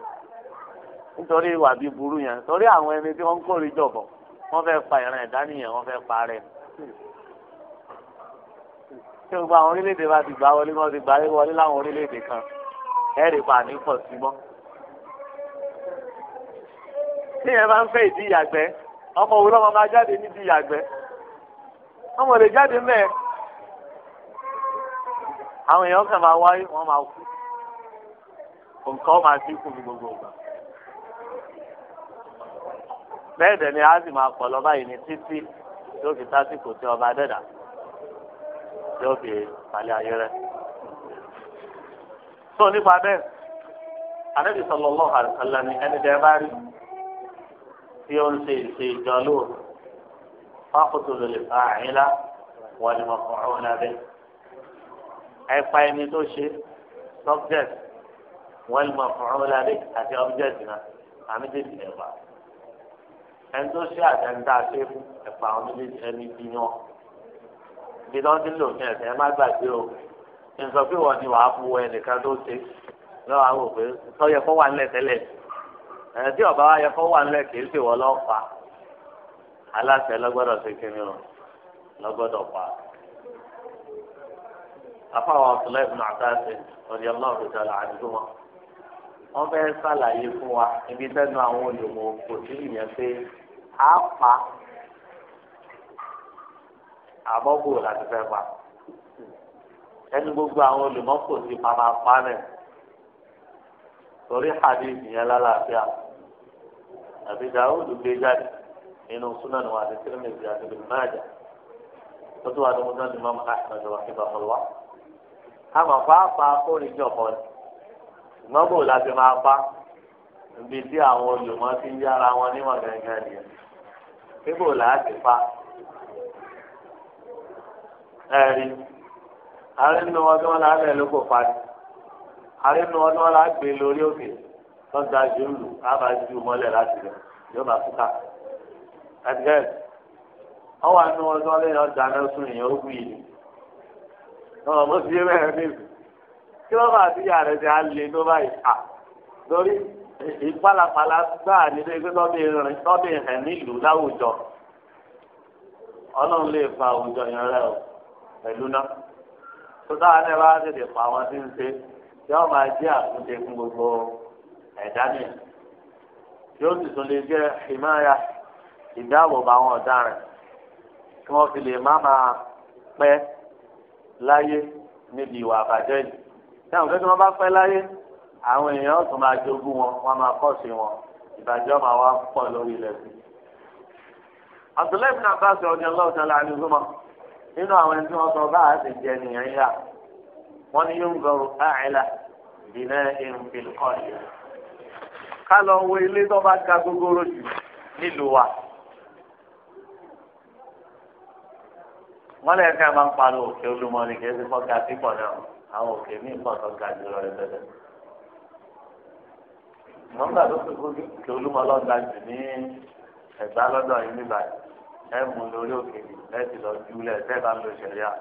nítorí ìwà bíi burú yẹn torí àwọn ẹni tí wọ́n ń kórè jọ̀bọ̀ wọ́n fẹ́ pa ìran ẹ̀dá nìyẹn wọ́n fẹ́ pa rẹ̀ ṣé gbogbo àwọn orílẹ̀-èdè bá ti gbá wọlé wọ́n ti gbá wọlé láwọn orílẹ̀-èdè kan ẹ̀rì pa ní pọ̀ sí mọ́. tí yẹn bá ń fẹ́ ìdí ìyàgbẹ́ ọmọ òwúrọ̀ ọmọ máa jáde ìyàgbẹ́ ọmọ lè jáde mẹ́ẹ̀ àwọn èèyàn kan máa wáyé máa kú nǹkan máa fi kú gbogbo ìgbà bẹ́ẹ̀ dẹ̀ ni a sì máa pọ̀ lọ báyìí ní títí tí ó fi ọba dẹ̀dà tí ó fi palẹ̀ ayé tó nípa bẹ́ẹ̀ ni tí ó ń ṣe ìṣe ìjọlò fákòtò lè fa àyínlá wọn ni mo fọ ọ lábẹ ẹpa ẹni tó ṣe subject wọn ni mo fọ ọ lábẹ àti object náà àmì tètè ẹpa ẹni tó ṣe àtẹnudá ṣe fún ẹpa àwọn méjèèjì ẹni bí wọn bí wọn ti lò ní ẹsẹ ẹ má gbàgbé o nǹkan pé wọn ni wàá bu ẹnìkan tó ṣe lọ́wọ́ àwọn òpè sọ yẹ kó wà nílẹ̀ tẹ́lẹ̀ ẹ̀ẹ́dì ọ̀bá wa yẹ kó wà nílẹ̀ kì í ṣe wọ́n lọ́pa aláṣẹ lọ́gbọ́dọ̀ ṣe kí ni o lọ́gbọ́dọ̀ pa. afáwọn abdullahi ibn abdulhasan ọ̀dí ọlọ́run ti sọ̀rọ̀ àdúgbò wọn. wọ́n fẹ́ sàlàyé fún wa ibi tẹ́nu àwọn olùmọ̀ kò sí ìyẹn pé a pa àbọ̀bù láti fẹ́ pa. ẹni gbogbo àwọn olùmọ̀ kò sí pàápàá pa náà torí hadith yẹn lálàáfíà àbí dàúdù gbé jáde nínú súnánù àti tìrìmìtì àti bìmájà tó tó wà ní mọ́tò ní mọ́mọ́ àtàjọ àkíbà ọlọ́wà. àmọ́ pàápàá kórè ní ọ̀pọ̀ ni ṣùgbọ́n bò láti máa pa ibi tí àwọn olùmọ̀ ti ń yára wọn níwọ̀n gẹ́gẹ́ nìyẹn. bíbò láti pa ẹ̀rí àrínú ọdún ọ̀la ẹ̀ ló kò parí àrínú tọ́jà ju lù ába ju mọ́lẹ̀ láti rẹ̀ yóò bá fúkà. ẹ̀dẹ́ ọwọ́ àánú ọjọ́ lẹ́yìn ọjà náà sùn èèyàn ó wuyì ni. ọmọ mo fi rẹ̀ níbi kí ló máa bíyà rẹ̀ ti á lè ló báyìí à lórí ìpalapala gbáà nínú ẹgbẹ́ lọ́bì rìn nílùú láwùjọ ọlọ́run lè fa àwùjọ yẹn rẹ o pẹ̀lú náà tó dáa náà bá tètè pa àwọn tí ń ṣe yóò máa jẹ́ àtúnṣe fún gbogbo ẹ̀dá mi yóò sì tún lè jẹ́ ìmáyà ìdáàbòbò àwọn ọ̀daràn kí wọ́n fi lè má máa pẹ́ láyé níbi ìwà àbàjẹ́ yìí tí àwọn akẹ́kọ̀ọ́ bá pẹ́ láyé àwọn èèyàn tún máa jogún wọn wọ́n máa kọ́ sí wọn ìbàjẹ́ máa wá pọ̀ lórí ilẹ̀ sí. Abdullahi bin Abbas ọ̀dẹ̀ ọlọ́run tẹ́lẹ̀ àníkúmọ̀ nínú àwọn ẹni tí wọ́n sọ bá ti jẹ nìyẹn yá wọ́n ní yóò ń gbọ́rọ̀ káàkiri dìnnà èrùn fìlìkọ́ọ̀lì ká lọ wo ilé tó bá ga gogoro jù nílùú wa. wọ́n lè ká máa ń pariwo òkè olúmọ́ni kì í ṣe fọ́gà pípọ̀ náà àwọn òkè ní ìpọ̀ tó ga jù lọ rẹ̀ tẹ́lẹ̀. wọ́n gbà tó fi kókè òkè olúmọ́ lọ́dà jù ní ẹ̀gbá lọ́dọ̀ yìí nígbà ẹ̀ mú lórí òkè yìí lẹ́sìn lọ júlẹ̀ tẹ́ bá lo ìṣẹ̀lẹ̀ à.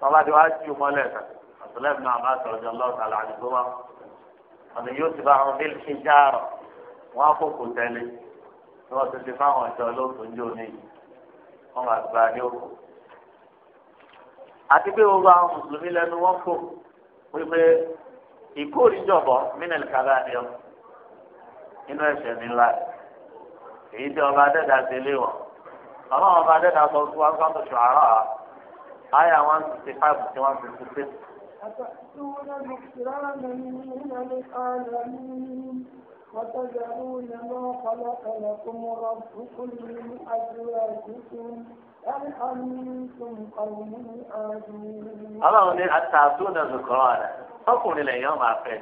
tọ́ba tí wàá jù mọ́lẹ̀ tán àtúnlẹ̀ ọ̀nà yóò ti bá wọn bí ṣe já rọ̀ wọn àkókò tẹ́lẹ̀ tí wọ́n ti ti fáwọn ọ̀dọ́ lóòótọ́ ní òní wọn máa gba ní òkú. àti pé gbogbo àwọn mùsùlùmí lẹ́nu wọn kò wípé ìkórìjọbọ mínẹ̀lì kábà ni ọ inú ẹ̀ṣẹ̀ nílá èyí tí ọba adẹ́dá ti lé wọn ọlọ́run ọba adẹ́dá sọ fún wa sọ́tò ṣọ̀ àárọ̀ àyà one sixty five to one sixty six. أتأتون بكرانا من العالمين وتذرون ما خلق لكم ربكم من أزواجكم Ọlọ́run ní àtàtúndà zùkọ́rọ́ rẹ̀ ọkùnrin lẹ́yìn ọmọ afẹ́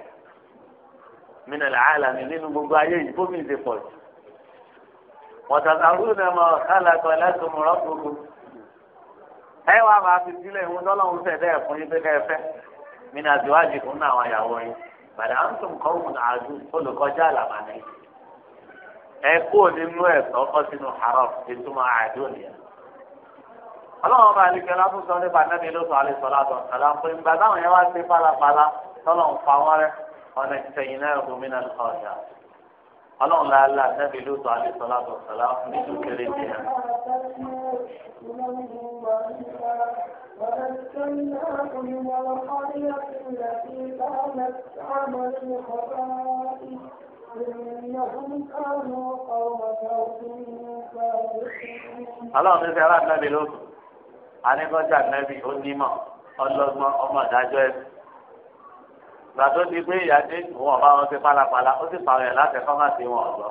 mìíràn làálà mi nínú gbogbo ayé yìí bómi ìdè pọ̀ jù. Wọ̀tàkàrú ni ọmọ kálàkọ̀ ẹlẹ́tùmọ̀rọ̀ gbogbo. Ẹ wá máa fi sílẹ̀ ìwọ́n tọ́lọ́run fẹ̀ yín pé ká ẹ fẹ́. nínú àbíwájú fún náà àwọn ìyàwó yín bàdà à ń tún kọ́ òun àdú olùkọjá àlàmà ni ẹ kú nínú ẹ sọkọ sínú haram ìtumọ̀ àdó nìyẹn. ọlọ́run bá alẹ́ kẹlá fún sọ nípa nẹ́bí ló sọ la la ونجيناهم والقرية التي كانت تعمل الخبائث إنهم كانوا قوم سوء Ọlọ́run ní sẹ́rà nàbì ló anìkọ́jà nàbì ó nímọ̀ ọlọ́gbọ́n ọmọ ìdájọ́ ẹ̀. Ìgbà tó di pé ìyá dé òun ọ̀bá wọn ti pálapàla ó sì pààrọ̀ ẹ̀ láti ẹ̀kọ́ má sí wọn ọ̀gbọ́.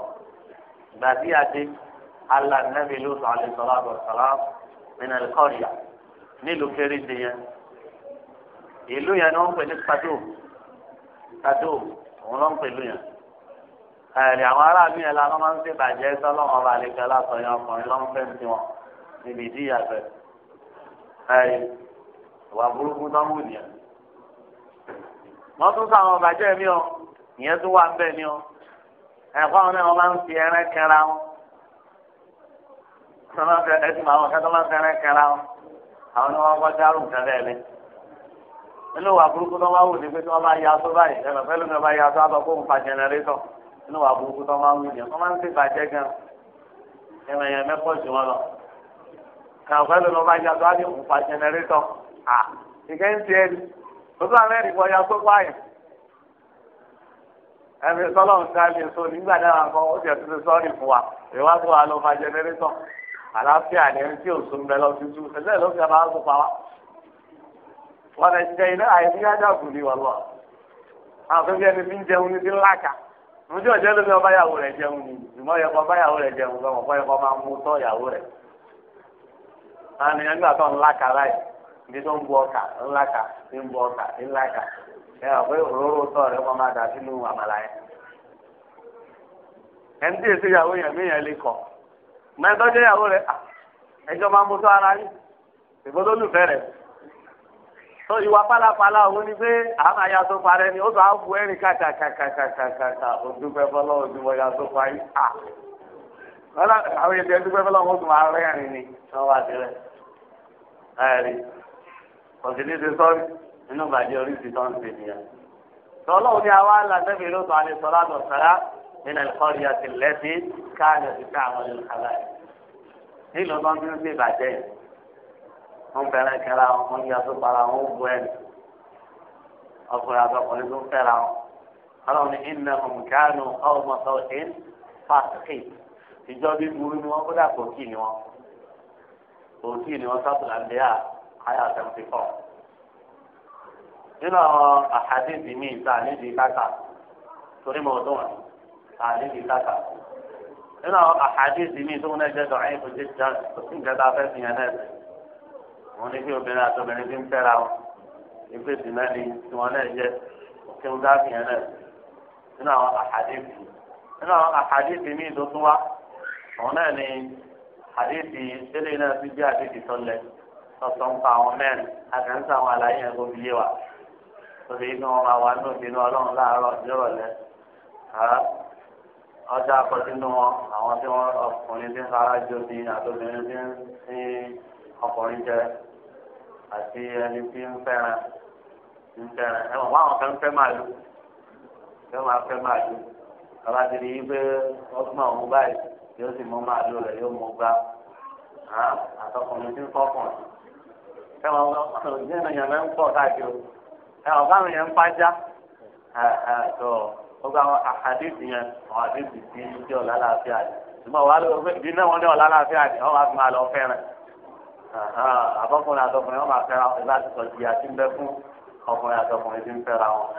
Ìgbà tí ìyá dé alànàbì ló sọ àlè sọ́lá àbọ̀ sọ́lá nínú nílùú kéréje yẹn ìlú yẹn ni wọ́n ń pè ní kadó kadó òun ló ń pè lú yẹn ẹ̀rì àwọn aráàlú yẹn la wọ́n máa ń ṣe bàjẹ́ sọ́lọ́mọ ọba àlejò aláṣọyàn ọkùnrin ló ń fẹ́ sí wọn níbi ìdí ìyàgbẹ́ ẹ̀rì ìwà burúkú tó ń wù nìyẹn wọ́n tún sáwọn bàjẹ́ mi o ìyẹn tún wà ń mi o ẹ̀kọ́ àwọn náà wọ́n máa ń fi ẹran kẹra wọn sọ́nà ẹ̀sìn àwọn kẹ́tọ́ máa ń fi ẹran kẹra wọn àwọn ni wọ́n wá dárùn kẹrẹ́ ni nínú wà burúkú tó máa wù ní pé tí wọ́n bá ya tó báyìí ẹnì pẹ́lú ní wọ́n bá ya tó àbọ̀ kó ń fa jẹnẹrétọ̀ nínú wà burúkú tó máa wù yẹn wọ́n máa ń tìbàjẹ́ gan ẹ̀mọ̀ yẹn mẹ́kọ̀ jù wọn lọ ẹnì pẹ́lú ní wọ́n bá ya tó àbí ń fa jẹnẹrétọ̀ à ìkẹ́ ń tiẹ̀ ni òtún amẹ́rì bọ̀ ya pé wáyà ẹ̀mí sọ́lọ́ọ̀ àlàáfíà ni ẹni tí ò sún bẹ lọ sí ẹlẹ́ ló fi àbá sọ pa wá. wọn lè jẹ iná àìsí ajá òkùnrin wà lọ. àwọn tó fi ẹni jẹun ní sí ńláka. ojú ọjọ́ ló fi ọba ìyàwó rẹ̀ jẹun ni ìmọ̀ yẹ kọ́ ọba ìyàwó rẹ̀ jẹun lọ́wọ́ kọ́ yẹ kọ́ máa mú tọ́ ìyàwó rẹ̀. àwọn ènìyàn ńláka láì ní tó ń bu ọkà ńláka ní ń bu ọkà ńláka. ẹ ọ̀pẹ òróró tọ́ rẹ̀ kọ́ máa dà sínú àmàlà yẹn. ẹni tí èsì ìyàwó yẹn mí yẹn lè kọ̀ mẹ́tọ́ jẹ́ ìyàwó rẹ̀ ẹjọ́ máa mú sọ ara yín ìbọn tó lùfẹ́ rẹ̀ tó ìwà pálapàla òun ni pé àwọn àyà tó parẹ́ ni ó sọ àwọn bu ẹ̀rín kàkàkàkàkàkà òdúpẹ́ fọlọ́ òdúpọ̀ ya tó parí à àwọn èdè ẹdúpẹ́ fọlọ́ wọn tún máa rẹ́rìn ni wọ́n wá sí rẹ̀ ẹ̀rí òsìlì ti sọ́ọ́rì nínú ìbàdí orí ti tọ́ ń ṣe nìyẹn tọ́lọ́ọ̀ ni àwa nínú ẹ̀kọ́rì àti lẹ́sí káàdì àti káàmọ́ ní kàlá yìí. nílùú bá ń bí wọ́n ti bàjẹ́ yìí wọ́n fẹ́ràn kẹ́ra wọn wọ́n yà tó para wọn ó bu ẹ̀ ọkùnrin àtọkùnrin tó ń fẹ́ra wọn. ọlọ́run ní iná ọ̀mùkánù ọmọ sọ̀tìn fásitì ìjọ bí burú ni wọ́n kódà kò kí ni wọ́n kò kí ni wọ́n sátúlà ń bẹ́yà àyà seventy four. nínú àwọn àhàdé ìdí mi ìta nídìí káta torí mọ̀ ọ́dún wọn àdéhùn ìtàkà nínú àwọn àhàdíìsì mi tó ń lẹ́jọ́ tó ẹ̀yìn fún jíjà sí nǹkan tá a fẹ́ fìyàn náà sí wọn ní kí obìnrin àti obìnrin fi ń fẹ́ra wọn ìgbésì náà ni tí wọn náà jẹ kí wọn dá fìyàn náà nínú àwọn àhàdíìsì nínú àwọn àhàdíìsì mi tó tún wá àwọn náà ni àdéhùn ìṣẹ̀lẹ̀ náà ti jẹ́ àdéhùn ìtọ́lẹ̀ sọ̀tọ̀ ń pa àwọn mẹ́rin àtẹ̀ǹsà àwọn àlàyé yẹn kó fi yé wa òbí inú wọn máa wà nínú ìbínú ọlọ́run láàárọ̀ nírọ̀lẹ́ ọjà àpọ̀sínú àwọn tí wọ́n ọkùnrin tí ń fara jó ní àtòbìnrin tí ń sin ọkùnrin jẹ àti ẹni tí ń fẹ́ràn ń fẹ́ràn ẹ̀wọ̀n wọn àwọn kan fẹ́ fẹ́ máa fẹ́ bàbá ti pé yóò sì mú rẹ̀ yóò mú gbá àtọkùnrin tí ń ẹ̀wọ̀n ọ̀gbìn ń pọ̀ káàkiri ẹ̀wọ̀n yẹn gbogbo àwọn àhàdìsì yẹn àwọn àdìsì tí ń jẹ́ ọ̀la láàfíà ni ṣùgbọ́n wàá lọ bí náà wọ́n ní ọ̀la láàfíà ni wọ́n wá fi máa lọ fẹ́ràn àbọ̀kùnrin àtọkùnrin wọ́n máa fẹ́ra wọn láti sọ di àti ń bẹ fún ọkùnrin àtọkùnrin tí ń fẹ́ra wọn.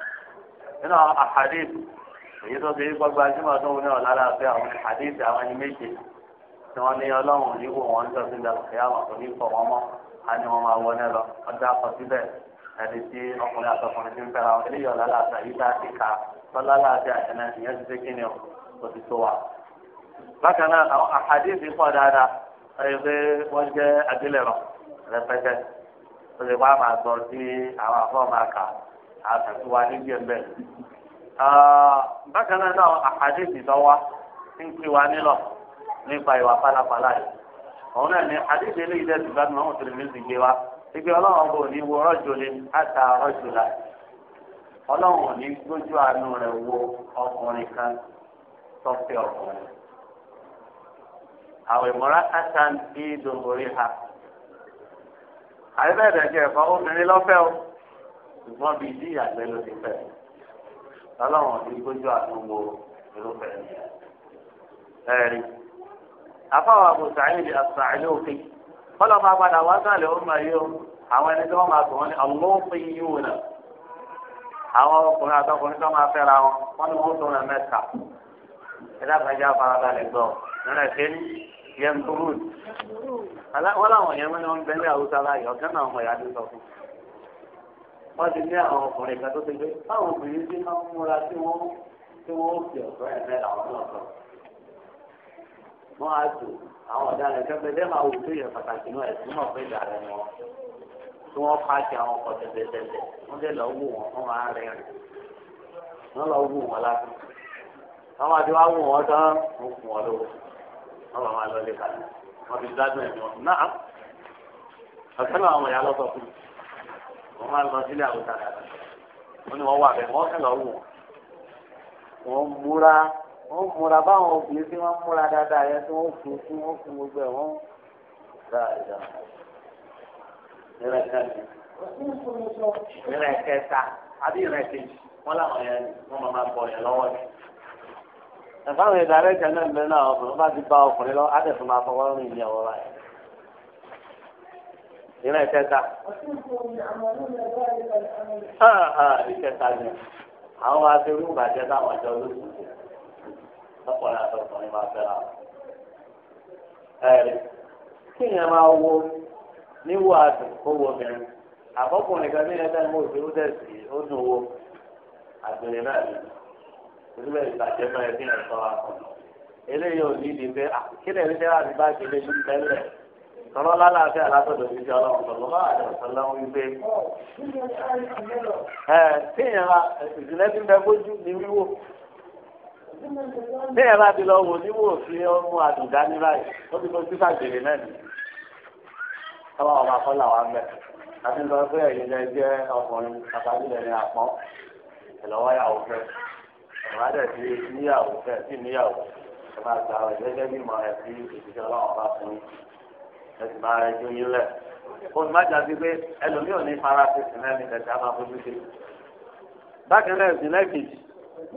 nínú àwọn àhàdìsì èyí tó ṣe gbogbo ajúmọ̀ tó ní ọ̀la láàfíà àwọn àhàdìsì àwọn ẹni méje tí wọ́n ní ọlọ́run ní wò wọ́n ń jọ síbi àlùfẹ́ àwọn kò ní fọ̀ wọ́n mọ́ á ní wọ́n máa tọ́lá láti àtẹnà ìyẹn ti ṣe kí ni o ti tó wa. bákan náà àwọn àhàdíìsì pọ̀ dáadáa ẹ̀yìn pé wọ́n jẹ́ agbélẹ̀rọ̀ rẹpẹtẹ ó lè wá máa gbọ́ sí àwọn àfọ́ máa kà àtàkùn wa bákan náà àwọn àhàdíìsì tó wá ń pè wá nípa ìwà pálapàla yìí. òun náà ni àdéhùn eléyìí dẹ́sùn gbádùn àwọn mi gbé wa. ìgbé ọlọ́run bò ní ọlọ́run ní gbójú àánú rẹ̀ wo ọkùnrin kan tọ́fẹ́ ọkùnrin. àwẹ̀ mọ́ra kàtà ń bí dòbòrí ha. àyẹ̀bẹ̀rẹ̀ jẹ́ ẹ̀fọ́ obìnrin lọ́fẹ́ o ṣùgbọ́n bíi ìdí ìyàgbẹ́ ló ti fẹ́. ọlọ́run ní gbójú àánú wo irúfẹ́ nìyẹn. ẹ̀rí afáwọn àbùsàáyìn àbùsàáyìn òfin kọ́lọ́ máa padà wá sálẹ̀ ó máa yọ àwọn ẹni tí wọ́n máa sọ wọn ní àwọn òfin yìí wò náà àwọn ọkùnrin àtọkùnrin tó máa fẹ́ra wọn wọn ni wọn tó rẹ mẹ́ta ẹ̀dá àgbàjá farabalẹ̀ gbọ́ nílẹ̀ ṣe ń yẹn kúrú wọn làwọn yẹn wọn ń bẹ ní àwùjọ aláyọ ọ̀gá náà ọmọ ìyá ti sọ fún wọn ti ní àwọn ọkùnrin kan tó ti gbé báwọn obìnrin ti máa ń múra tí wọn tí wọn ó fi ọ̀tọ̀ ẹ̀ mẹ́ta wọn náà sọ wọn á tù àwọn ọ̀daràn kẹfẹ́ dẹ́ máa wù tó yẹ pàtàkì náà ẹ̀sìn náà fẹ́ tí wọ́n pàṣẹ àwọn ọkọ̀ tẹ̀tẹ̀tẹ̀tẹ̀ wọ́n lè lọ wò wọ́n fún wọn rẹ̀ rìn wọ́n lọ wò wọ́n lásán àwọn àti wá wò wọ́n tán wọ́n fún wọn lówó wọ́n bá wọn lọ lé kalẹ̀ wọ́n fi gbádùn ẹ̀mí wọn náà ọ̀sán àwọn ìyá lọ́sọ̀ fún mi wọ́n máa lọ sílé àwòtá dáadáa wọ́n ní wọ́n wà bẹ́ẹ̀ wọ́n kẹ́lọ́ wò wọ́n múra wọ́n múra báwọn obìnrin tí wọ́n múra dáadáa yẹn tí wọ́n fún fún wọ́n fún gbogbo ẹ̀ wọ́n dáadáa. e kẹrin ìrẹ̀ kẹta àbí ìrẹ̀ kejì làwọn yẹn máa yẹn lọ́wọ́ ni. ẹ̀fọ́ àwọn náà ń bẹ náà bá ti bá ọkùnrin lọ máa fọwọ́ rìn ní rẹ̀. kẹta. ni àwọn ìbàjẹ́ ọjọ́ lóṣù ọkùnrin máa fẹ́ràn. ẹ̀rí kí níwò àdùn owó obìnrin àkọkùnrin kan ní ẹgbẹ́ mọ́ òṣèlú tẹ̀sí ó dùn owó àgbèrè náà ni ìdílé ìbàjẹ́ máa ẹbí rẹ̀ sọ́ra kan eléyìí ò ní ìdí pé àkílẹ̀ ní sẹ́wà ní báàgì lè ní tẹ́lẹ̀ tọ́lọ́ lálàáfẹ́ alásọ̀dọ̀ ní ìjọ ọlọ́run tọ́lọ́ bá àdàsọ lọ́wọ́ wípé ẹ téèyàn bá ìdílé ti ń bẹ bójú ní wíwò téèyàn bá níwò fi ọmú àdùn dání báyìí ó ti kọ́ sí fàgbèrè náà nìyí káwọn ọmọ akọ́là wa mẹ́ àti lọ pé ẹ̀yin lẹ jẹ́ ọkùnrin àbájúlẹ̀ ní àpọ́n ìlọ́wọ́ yàwó fẹ́ ìwà dẹ̀ ti níyàwó fẹ́ sí níyàwó ẹ̀ máa gbà ọ̀ gẹ́gẹ́ bí ìmọ̀ rẹ̀ sí ìdíjọ́ ọlọ́run bá fún yín ẹ̀ sì máa rẹ̀ yín lẹ̀ kó má jáde pé ẹlòmíì ò ní fara sí sílẹ̀ ní ẹ̀sẹ̀ á máa fojú sí. bákan náà sílẹ̀ kejì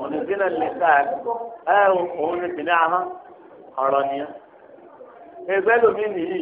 òní sílẹ̀ lè sáà ẹ̀ òun ní sílẹ̀ ahọ́n ọ̀rọ̀ nìyẹn. ẹgbẹ́ lómi nìyí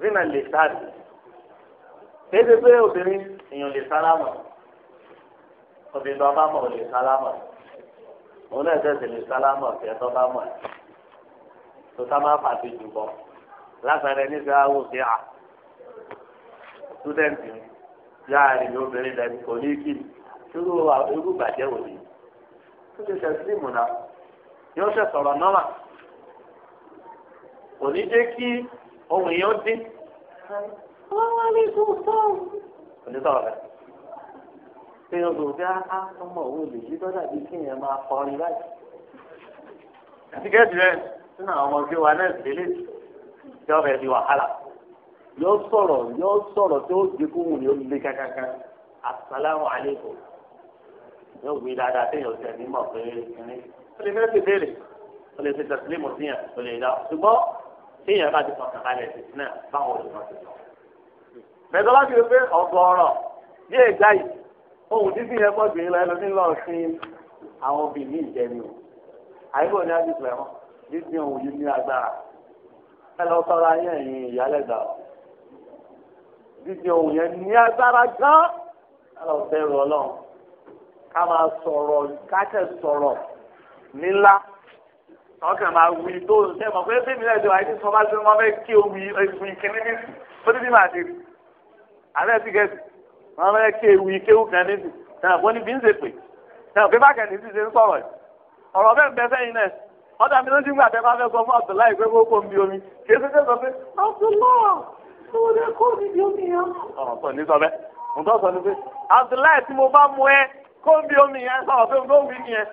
zina lè sáré kéde pé obìnrin èèyàn lè sára mọ̀ obìnrin tó bá mọ̀ ò lè sára mọ̀ òun náà tẹ̀sí lè sára mọ̀ kí ẹ tó bá mọ̀ ẹ̀ tó ká má fàtí jù bọ́ lásán ẹni sẹ́ àwọn òkè à túdẹ̀ǹtì yáàrin ní obìnrin lẹ́nu kò ní kí irú irú bàjẹ́ wò ni tó ṣe ṣe sílímù náà yóò ṣe sọ̀rọ̀ nọ́mà kò ní jẹ́ kí ohun èèyàn dín. onítọ̀rọ̀ rẹ̀ ṣé o rò bí a ọmọ òun lè yí lọ́dà bíi kí èèyàn máa kọrin báyìí. tíkẹ́ẹ̀tì rẹ̀ sínú àwọn ọmọ tí wa náà délé jọba ẹ̀ di wàhálà yóò sọ̀rọ̀ yóò sọ̀rọ̀ tó di kó wùn yóò lé kankan asalaamu aleykum yóò wí dáadáa téèyàn ṣe ní mọ̀ pé kíní. ó lè fẹ́ téèyàn bá ti fọkàn balẹ̀ sí náà báwọn olùkọ́ ti sọ. bẹ̀rẹ̀ bá ti rí pé ọgọ́rọ̀ bí ẹ̀gbá yìí ohun títí yẹn pọ̀ jù lọ ẹlòmíín lọ sí àwọn òbí mi ìjẹni o àyíkò ní àdìsọ ẹ̀wọ̀n dídín òun yìí ní agbára ẹ lọ sọ́ra yẹn ẹ̀yìn ìyálẹ̀gbà o dídín òun yẹn ní agbára gan ẹ lọ bẹ̀rù ọlọ́run ká máa sọ̀rọ̀ ká tẹ̀ sọ̀rọ̀ nílá ọkàn máa wí tó ń sẹ́mọ̀ pé bí mi náà ti wà ní sọ́ba tí wọ́n fẹ́ kí omi ìwì kìíní ní fún bí màá ti rí àbẹ́ ti gẹ̀ẹ́sì wọ́n fẹ́ kí ewì kéwù kan níbi náà wọ́n ní bí ń ṣe pè náà pé bákẹ́ ní ti ṣe ń sọ̀rọ̀ yìí ọ̀rọ̀ bẹ́ẹ̀ bẹ́ẹ̀ sẹ́yìn náà wọ́n dàbí ló ti gbà tẹ́ bá fẹ́ sọ fún Abdullahi pé kó kó pé Abdullahi mi omi yẹn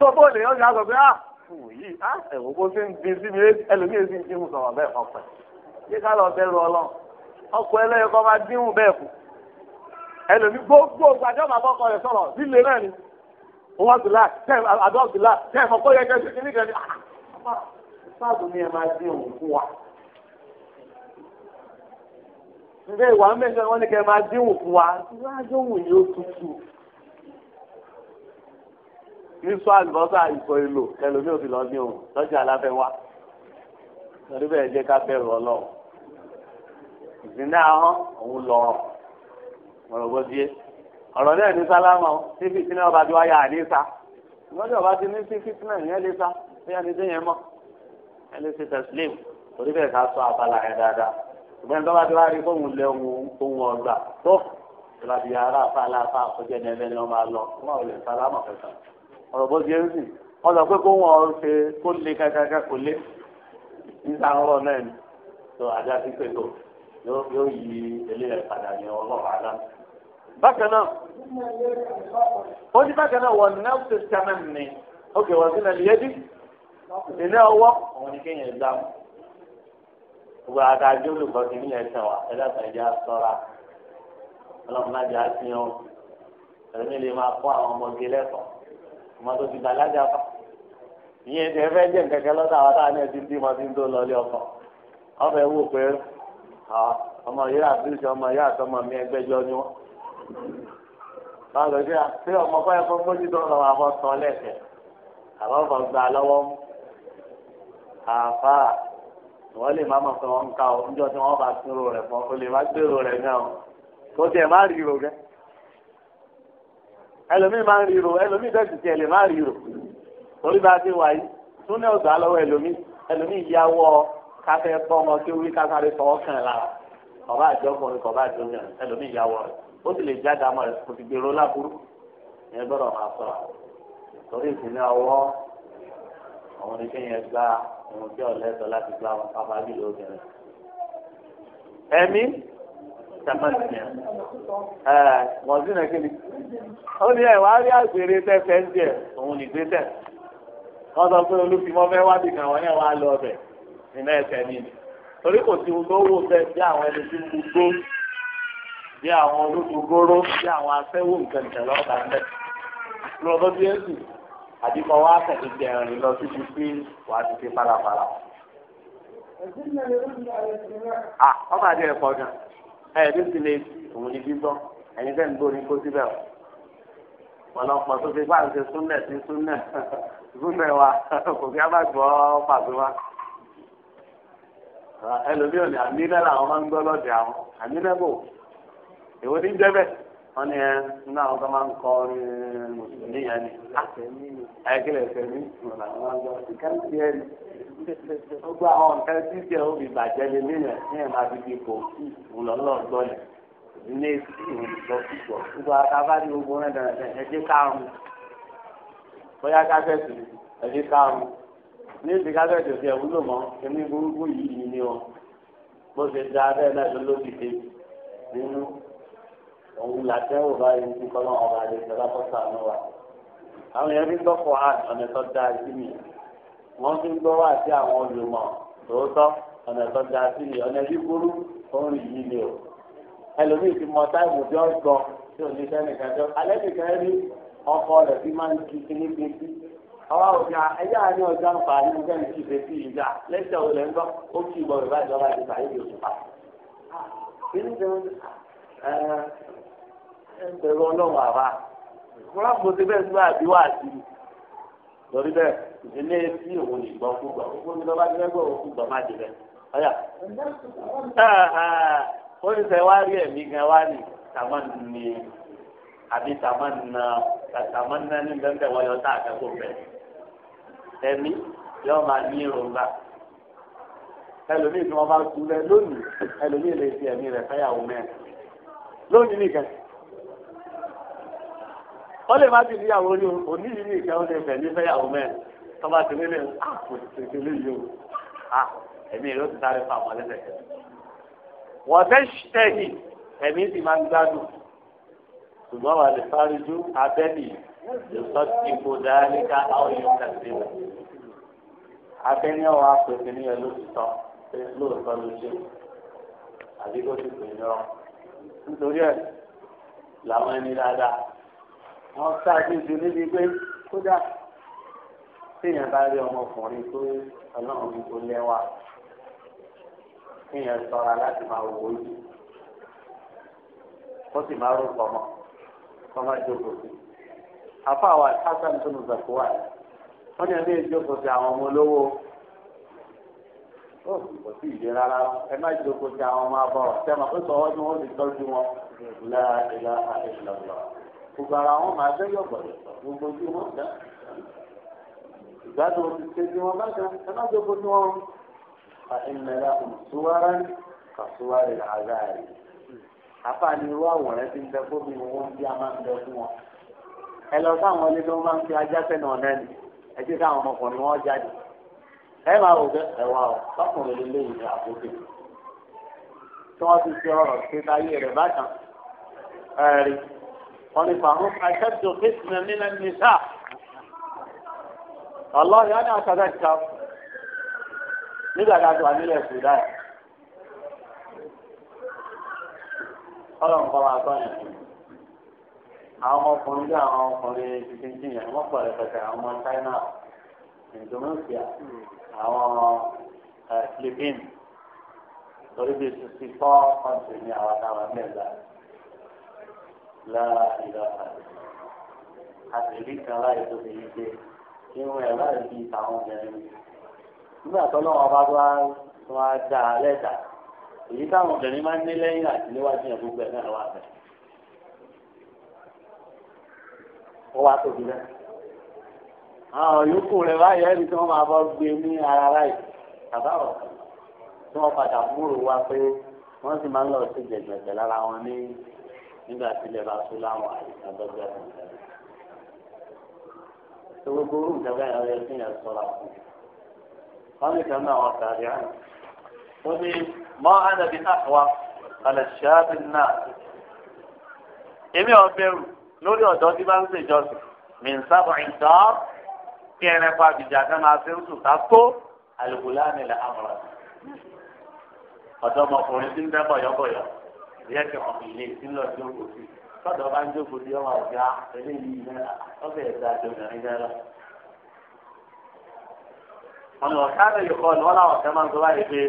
tó bóòlù yóò ṣe àgọ́ pé ah fún yìí ah ẹ̀wọ̀n kó sí ń bí sí mi ẹlòmíì sì ń dín sọ̀rọ̀ bẹ́ẹ̀ ọ̀pẹ̀ yé ká lọ bẹ́ẹ̀ lọ ọlọ́run ọkọ̀ ẹlẹ́yẹ kọ́ máa dínwó bẹ́ẹ̀ kù ẹlòmíì gbogbo gbàjọba bọ́kọ rẹ̀ sọ̀rọ̀ líle náà ni wọn gbìlá tẹ àdó gbìlá tẹ ẹ̀fọ́ kó yẹ kẹ́ ṣe kíní kẹ́ni sáàbù ah, ni ẹ máa dín òun fún wa ǹjẹ́ ìwà mẹ́sàn-án wọn ni kẹ́ máa dín òun fún wa ìwádìí òun yóò tutù sísọ àlùbọ́sà ìsọ èlò ẹlòmíì òfin lọ ní òun lọ́jà aláfẹ́ wa lórí bẹ́ẹ̀ jẹ́ ká bẹ̀rù ọlọ́run ìsìnlẹ̀ ahọ́n òun lọ́rọ̀ ọ̀rọ̀ bó di yé ọ̀rọ̀ náà ní sálámà ó sí fìtínà ọba tí wàá yà á ní sa lọ́jọ́ ọba ti ní sí fìtínà ìyẹn lè sa bóyá ní sẹ́yìn mọ́ ẹ lè ṣe tẹ̀sílẹ̀mù torí bẹ́ẹ̀ ká sọ abala yẹn dáadáa ṣùgbọ́n tó bá ti wá rí fóun lé ohun ohun ọgbà tó ìlàbí ara afáàlà ní ẹlẹ́ni ọmọ alọ wọn ò lè sálámà fẹ́ ọ̀rọ̀ bó ti ń sìn wọ́n sọ pé kó wọ́n ṣe kó lé kákáká kó lé níta ọ̀rọ̀ náà ni tó ajá sí pé tó yóò yí eléyà padà yẹn ọlọ́run àdá. bákan náà ó ní bákan náà wọ́n náà ṣe sẹ́mẹ̀ ní ókè wọ́n sí nàìjíríà dí ìní ọwọ́ òun ni kéèyàn gbà mú. gbogbo adájọ́ olùkọ́ ti níyẹn sàn wá ẹlẹ́sàn ìjà sọ́ra ọlọ́run náà jẹ́ àtìyàn ẹ̀mí lè máa kọ́ àwọn ọmọge lẹ́kọ̀ọ́ ọmọ tó ti bàlágà pa ìyẹn tẹ fẹ́ jẹ́ kẹ̀kẹ́ lọ́dọ̀ àwọn táwọn náà ti ń bímọ tí ń tó lọ lé ọbẹ̀ wò pé ọmọ yìí àtúnṣe ọmọ yìí àtọmọ mi ẹgbẹ́jọ ni wọ́n. báwo ṣe àti ọmọ báyọ̀ fún mójútó ọ̀rọ̀ àwọn sọ lẹ́sẹ̀ àwọn ọmọ gbà lọ́wọ́ mú. àfa wọ́n lè má mọ̀ pé wọ́n ń ka ọ́ níjọ́ tí wọ́n bá túrò rẹ̀ fún ọ lè má gbèrò rẹ̀ náà kó tiẹ̀ má rí ìrò gẹ́ ẹlòmíì máa ń ríro ẹlòmíì bẹ́ẹ̀ sì tiẹ̀ lè má ríro torí bá a ti wà yìí tún ní ọ̀gá lọ́wọ́ ẹlòmíì ẹlòmíì yáwọ́ káfẹ́ pọ́ ọmọ kí wí káfárẹ́ fọwọ́ kàn lára ọba àjọkùnrin kọba àjọyàn ẹlòmíì yáwọ́ rẹ̀ ó sì lè jáde àmọ́ rẹ̀ kò sì gbèrò láburú ìyẹn gbọ́dọ̀ máa sọ torí ìsinmi ọwọ́ àwọn oníkéyìn gba ohun tí ọ̀lẹ́sọ láti gba àwọn pápá tàmásìyà ẹ mọ̀tí náà kéde ó ní ẹ̀ wá rí àgbèrè tẹ́fẹ́ ń jẹ òun nìgbé tẹ̀ wọ́n sọ pé olùfimọ́ fẹ́ wá bìkan wọn yẹn wá lọ ọbẹ̀ nínú ẹ̀fẹ́ mi torí kò sí ohun tó bí àwọn ẹni tí mo gbó bí àwọn olódùgóró bí àwọn afẹ́wò nǹkan ìtẹ̀lọ́ ọ̀gá ń bẹ̀ lọ́dọ́ bí ẹ̀ sì àdìpọ̀ wá tẹ̀lé jẹrin lọ síbi tí wàá ti fi parapara. ọba àdìrẹ̀ pọ̀ gan-an ẹ̀ẹ́dì sì lè òun ní gbígbọ́ ẹ̀yin fẹ́ẹ́ ń gbó ní kó síbẹ̀ o ọ̀pọ̀lọpọ̀ tó fi fáwọn ṣe súnlẹ̀ sí súnlẹ̀ súnlẹ̀ wa kò kí á bá gbọ́ pàṣẹ wa ẹlòmíràn ní àmì náà làwọn máa ń gbọ́ lọ́dẹ̀ àwọn àmì náà bò èwo ní jẹ́ bẹ́ẹ̀ wọ́n ní ẹ nínú àwọn tó máa ń kọ orin mùsùlùmí yẹn ni ẹgbẹ́ ìfẹ̀mí ìfúnra wọn lọ ìkẹ́ ti ẹ ní gbogbo àwọn nǹkan tí tí ẹ ó fi bàjẹ́ lé nílẹ̀ ní ẹ̀ máa fi di kò kí ìwòlọ́lọ́ gbọ́ yẹn ilé ìwòlọ́ púpọ̀ gbogbo akábádé gbogbo rẹ̀ dẹ̀rẹ̀ ẹ̀jẹ̀ karùn-ún bóyá káfẹ́sì ẹ̀jẹ̀ karùn-ún ní ti káfẹ́sì òfin ẹ̀wúlò mọ́ ẹ̀mí burúkú yìí ni ọ bó ṣe da abẹ́ náà ló ló ti dé nínú òun làtẹ́wò báyìí ti kọ́lọ́ ọba àdéhùn lápọ́sà náà wà. àwọn yẹn fi ń gbọ́ kọ́ hàn ọ̀nà tó dáa sí mi wọ́n fi ń gbọ́ wá sí àwọn olùmọ̀ tòótọ́ ọ̀nà tó dáa sí mi ọ̀nà yìí burú òun yìí ni o. ẹlòmíì ti mọ táìmù bí wọ́n gbọ́ tí ò ní sẹ́nìkan tó alẹ́ nìkan rí ọkọ rẹ̀ fi máa ń kí kíní fetí. àwa ò ní ẹyà ni ọjọ́ àǹfààní mo fẹ́ẹ́ kí fetí ìjà lẹ́sẹ̀ ò lẹ́ ń gbọ́ ó kì ẹgbẹ̀rún ọlọ́run àbá kúrò mo ti bẹ́ẹ̀ sọ àbí sí i lórí bẹ́ẹ̀ ìdílé tí òun lè gbọ́ fún gbọ́ fún mi lọ́ba jẹ́ gbọ́ fún gbọ́ má jẹ bẹ́ẹ̀ ọ̀yà. ó ní rí ẹ̀mí gan wá ní tàmán ní àbí tàmán na tàmán na ní bẹ́ẹ̀ bẹ́ẹ̀ yọ tá àkẹ́kọ̀ọ́ bẹ́ẹ̀. ẹ̀mí yóò máa ní ìrònúgbà ẹlòmíì tí wọ́n bá kú lẹ lónìí ẹlòmíì lè fi ẹ̀mí rẹ̀ fẹ́yàwó mẹ́rin lónìí nìkan ó lè má ti níyàwó rí o òní yìí ní ìkẹ́ ó lè fẹ̀ nífẹ̀yàwó mẹ́rin tó bá ti nílé o ah, kò sì ti lè yí o ah, ẹ̀mí rẹ̀ ó ti sáré fún àwọn ẹlẹ́sẹ̀ kẹ́ wọ́n fẹ́ ṣẹ́yìn ẹ̀mí sì máa ń gbádùn ṣùgbọ́n wà lè sáré ju abẹ́lì lọ́sọ̀ tí kò dáa níka àwọn yóò kà sí rẹ̀ abẹ́ni ọ̀wọ́ apèsè ní ẹ lóòótọ́ lóòótọ́ ló ṣe àbí kó ti pè é lọ nítorí ẹ̀ làwọn ẹni dáadáa wọ́n ṣáájú ju níbi pé kódà téèyàn bá rí ọmọkùnrin tó ọlọ́run ní kó lẹ́wà téèyàn ṣọ́ra láti máa wò ó yìí kó sì máa rúkọ mọ́ kó má jókòó sí. àfa àwọn àtàkùn tó nù zàkó wà wọ́n ní ẹgbẹ́ ìjókòó sí àwọn ọmọ olówó ó kò sí ìdí rárá ẹ má jókòó sí àwọn ọmọ abọ́ ṣẹ́ máa pẹ́ sọ wọ́n tí wọ́n ti tọ́jú wọn láìláà ìlànà gbogbo ara wọn máa bẹ́ yọ̀bọ̀lẹ̀ gbogbo ojú wọn dá ìgbádùn omi ṣe bí wọn bá dá ẹ má jókòó tí wọn fa ìmẹ̀lá òṣùwárá kàṣùwárì àgáàrí apá ni irú àwòrán ti ń bẹ fóbi wọn bí a máa ń bẹ fún wọn ẹ lọ sáwọn ilé tó máa ń fi ajá sẹ́nu ọ̀nà ni ẹ jẹ́ káwọn ọmọkùnrin wọn jáde ẹ máa wò bẹ ẹ wà ọ lọkùnrin lè lè àbókè tí wọn ti fi ọ̀rọ̀ wọ́n ní fàáhùn àṣẹ́dùn fífìmẹ̀ nílẹ̀ nìṣà. ọlọ́run yóò ní àṣàdá ìta nígbà tá a ti wà nílẹ̀ Sudan. ọlọ́run kọ́ wa gbọ́ yẹn. àwọn ọmọkùnrin bí àwọn ọmọkùnrin ti ti ń yẹn wọ́n pọ̀ rẹpẹtẹ àwọn ọmọ China Indonesia àwọn eh, Philippines torí bí sixty four country ní àwọn táwọn mẹ́ta láàrínlá àtẹ̀lé kan láì tó fi ṣe ìwọ̀n ẹ̀ láì fi tàwọn obìnrin nígbà tó lọ́wọ́ bá wá wá dá a lẹ́dà èyí táwọn obìnrin máa ń ní lẹ́yìn àti níwájú yẹn gbogbo ẹ̀ náà wà bẹ́ẹ̀. wọ́n wá tóbi náà àwọn yòókù rẹ̀ báyìí ẹni tí wọ́n máa bọ́ gbé ní ara láì àbáwọ̀ tí wọ́n padà múrò wá pé wọ́n sì máa ń lọ sí jẹ̀gbẹ̀gbẹ̀ lára wọn ní nígbà tí ilẹ̀ bá sún láwọn àyíká dọ́gba tó ń tẹ̀lé. tó gbogbo orú nǹkan bẹ́ẹ̀ lọ́wọ́ ẹni yẹn sọ̀rọ̀ àpò. wọ́n lè kàn náà wọ́n tàbí àná. ó ní mọ́ àdàbí àkọ́wá kalẹ̀ ṣáàbì náà. èmi ò bẹ̀rù lórí ọ̀dọ́ tí bá ń ṣèjọsìn mi ń sábà ń tọ́ kí ẹran pa àbíjà kan máa fi ń sùn ká tó àlùkò láàmì lẹ́ àmọ̀ràn. ọ̀dọ́mọkùnrin tí ń dẹ́ bọ̀yọ̀bọ̀yọ̀ ìyá ti hàn ilé sílọ jókòó sí tọ́dọ̀ bá ń jókòó sí ọmọ ọ̀gá eléyìí náà ọbẹ̀ ẹ̀dá àjọyọ̀rin náà. ọ̀nà ọ̀ká náà yìí kọ́ ni wọ́n láwọn ọ̀sẹ̀ máa ń sọ báyìí pé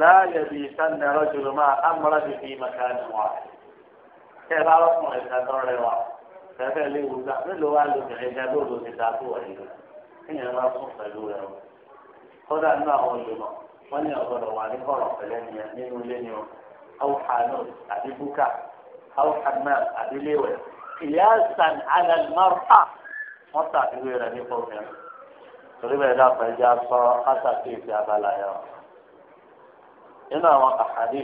láàyè bí sànà rọ́jòló máa ámúra ti fi màkà ni wà. kẹ́ ẹ bá rọ́pọ̀ ẹ̀ka tán rẹ wà kẹ́fẹ́ lé wù gbà mélòó wá lóbi ẹ̀ka lóòdò ti ta kó wà yìí kéèyàn máa fún pẹ̀lú rẹ o. kódà nínú àwọn olùmọ̀ wọ́n ní ọ̀gọ́dọ̀ wà ní kọ̀rọ̀ pẹ̀lẹ́ nínú ilé ni o aw hanu àbí buka aw hamam àbí léwẹ̀ kìlíàsán alàlmárà wọn tàbíwé rẹ ní fọmìà torí bẹ́ẹ̀ dàpọ ẹjẹ asọ asàkè ìfẹ́ abala yọ nínú àwọn àkàdé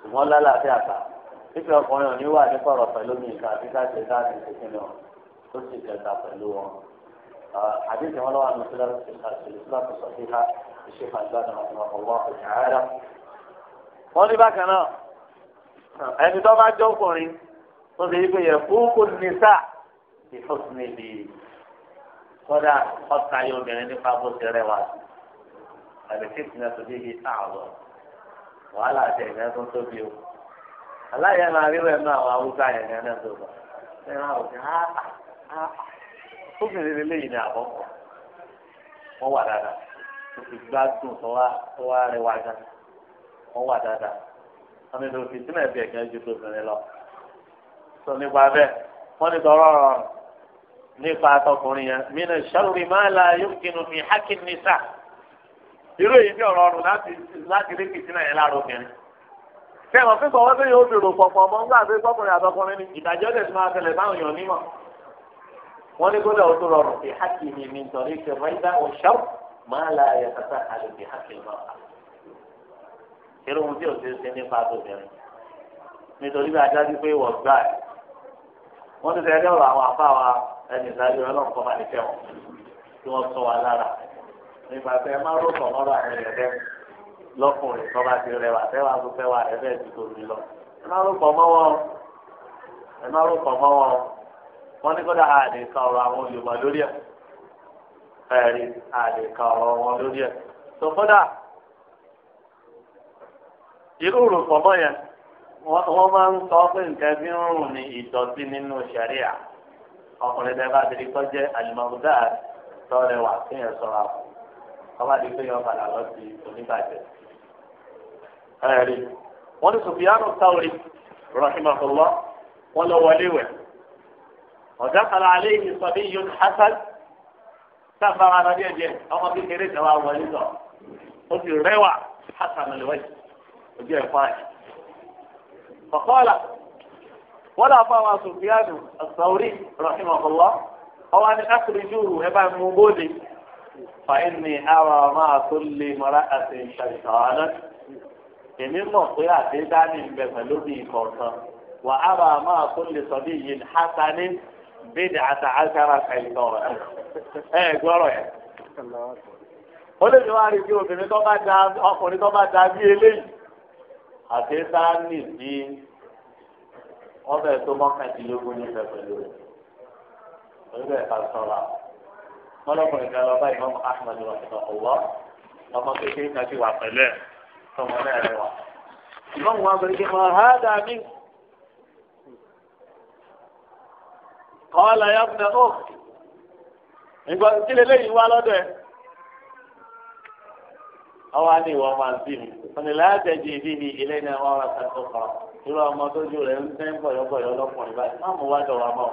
ṣùgbọ́n lálàáfíà àgbà fífẹ́ ọkùnrin òní wà ní kọ̀rọ̀ pẹ̀lú mi ìka àti káṣí káàdì ìṣèkínà ó sì kẹta pẹ̀lú wọn àdéhùn wọn lọ́wọ́ àmì sílẹ̀ sílẹ̀ sílẹ̀ sọ̀tìhà ìṣèkàgbà náà ọ̀pọ̀ wọn kò ní àárẹ̀ wọ́n ní bákan náà ẹni tó bá jọ ọkùnrin tó ṣe yí pé yẹ fúnkù nísà ìfọ́sùnìbì kọ́dà ọ̀tá yóò bẹ̀rẹ̀ nípa bó ṣe rẹwà àbí fífúnà tó débi àwọ̀ wàhálà àti ẹ̀yìn tó tóbi o aláyẹ̀ máa rí rẹ̀ náà àwọn awúgbà ẹ̀yìn náà tó bọ̀ ẹ̀rọ àwòkẹ́ áà áà obìnrin lélẹ́yìn ní àkọ́kọ́ wọ́n wà dáadáa ó ti gbádùn tó wá rẹwà gan kan wà dáadáa wọn ní lóòótọ́ ìdílé ẹbí ẹgbẹ́ ju tóbìnrin lọ sọ nípa bẹ́ẹ̀ wọn ní tọrọ rọrùn nípa tọkùnrin yẹn mí ní sọlùmí máa la yóò kinu mi hákìn ní sá irú èyí ní ọ̀rọ̀ ọ̀rùn láti láti rí kìtìnà yẹn láàárọ̀ obìnrin kẹwọn fífọ wọn bẹyẹ obìnrin pọpọ ọmọ ńgbà pé kọkùnrin àtọkùnrin ni ìdájọ́ tẹsí máa fẹlẹ báwọn èèyàn nímọ̀ wọn ní kódà oṣù rọrùn fi hákìn mi nítorí kẹfà ìdá òṣèlú máa la yẹ kàtà àlùbí hákìn náà irú ohun tí o ti ṣe nípa tóbìnrin nítorí bí adájú pé wọ́n gbà ẹ̀ wọ́n ti tẹ́lẹ̀ ọ̀rọ̀ àwọn afá wa ẹni ìdájọ́ ọlọ́run kọ́ máa ní wọn tí wọ́n sọ wa lára nípa pé ẹ má rọ̀kọ̀ mọ́rọ̀ àwọn èèyàn dẹ́ lọ́kùnrin tó bá ti rẹwà tẹ́wà tó fẹ́ wà ẹ̀fẹ́ ti tóbi lọ ẹ má rọ̀kọ̀ mọ́wọ́ ẹ wọ́n ní kọ́dà àlè ka ọ̀rọ̀ àwọn olùmọ̀ lórí ẹ̀ ẹ̀rí àlè ka ọ̀rọ̀ wọn lórí ẹ̀ irú òrùpọ̀mọ́ yẹn wọ́n máa ń sọ pé nǹkan bí ń rùn ní ìdọ̀tí nínú sẹ̀ríà ọkùnrin tẹ bá ti di kọjá àlùmọ̀gbọ́dá tọrẹ wà kéèyàn sọ̀rọ̀ àpò ọba di pé yọ padà lọ sí oníbàjẹ́. wọ́n ní sùfìyánù sáwùrì rahimahullah wọ́n lọ wọlé wẹ̀. ọ̀gá kala aléyìí sọ̀bí yun hasan sábà ara díẹ̀ díẹ̀ ọmọ kékeré tẹ wá wọlé sọ ó ti rẹwà hasan lè wáyé ojú ẹ̀ fáyì. ọ̀kọ́ọ̀là wọ́n dà fún àwọn asòfíàdù àsàwùrí rahimahullah ọwọ́ ni akérèjú ẹ bá mú bóde fàìní àwọn máa tó lè mọ́ra àti ìṣàṣàwọ́nà. èmi mọ̀ pé àti dání ń bẹ pẹ̀lú bí ìkọ̀ọ̀kan wà á bá máa tó lè sọ bí yìí hasani bídì àtà àṣàrà kàìtọ̀rọ̀ ẹ gbọ́rọ̀ yẹn. ó lè ní wá rí bí obìnrin tó bá da ọkùnrin tó bá da bí eléyìí àti sáánì bí ọbẹ̀ tó mọ́kàndínlógún ní ìfẹ́ pẹ̀lú rẹ̀ orílẹ̀ èdè àtọ́ra mọ́lọ́kùnrin kan lọ́ba ìmọ̀ ahmed rahman ọ̀wọ́ ọmọ kékeré kan ti wà pẹ̀lú ẹ̀ tọmọ náà rẹ̀ wà. ìmọ̀ wọn abẹ́rẹ́ kí wọ́n há dà mí. kọ́ọ̀lá yàgùn náà ó ìgbà kí lélẹ́yìn wá lọ́dọ̀ ẹ̀. ọwọ́ á ní ìwọ máa ń bí mi ọ̀nà látẹ̀jì ìdíbi ilé ní àwọn ọ̀rọ̀ kan tó kọ̀ irú ọmọ tó jù rẹ̀ ń tẹ́ ń bọ̀yọ̀bọ̀yọ̀ lọ́kùnrin báyìí má mú wá jọ wa mọ́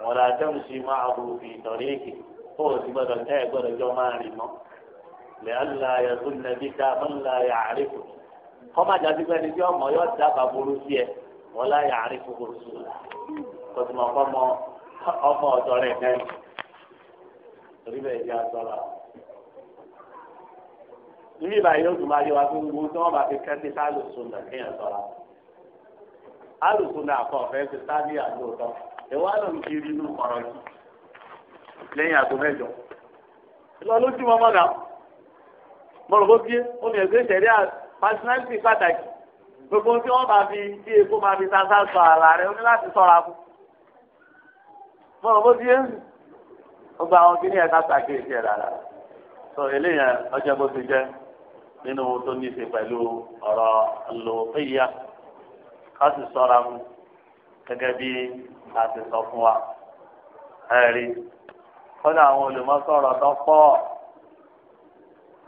wọn là dẹ́hùn sí máa bu ìtọ̀rí èkì kó o sì gbọdọ̀ tẹ́ ẹ̀ gbọdọ̀ jọ máa rìn mọ́ lè ala yẹ tó nàbí ká mọ́ la yà àrí kù kọ́ má jà sípẹ́ ni tí ọmọ yóò dábàá burú sí ẹ wọn la yà àrí kù kò sùn kò ọmọ ọ̀dọ́ níbi ìbáyé yóò tún máa yẹ wá fún gbogbo tí wọ́n bá fi kẹ́sí sálùsùn náà kéèyàn sọ́ra alùpùpù náà kọ ọ̀fẹ́ ti sábì àlóòótọ́ ìwà ló ń kiri inú ọ̀rọ̀ yìí lẹ́yìn àgọ́ mẹ́jọ. ìlọ lójú mọ́mọ́ náà mọ̀rọ̀ bó bí ó ní ẹgbẹ́ ìṣẹ̀lẹ̀ pàṣínáìtì pàtàkì gbogbo tí wọ́n bá fi bí epo máa fi sáńsá sọ ara rẹ̀ ó ní láti sọ̀ra kú. mọ̀rọ̀ bó bí ó gba àwọn kí ní nínú ohun tó ní í ṣe pẹ̀lú ọ̀rọ̀ lòófẹ́yà ká sì sọ́ra mu gẹ́gẹ́ bí a ti sọ fún wa. ẹ̀rí kọ́dà àwọn olùmọ̀sọ̀rọ̀ tó pọ̀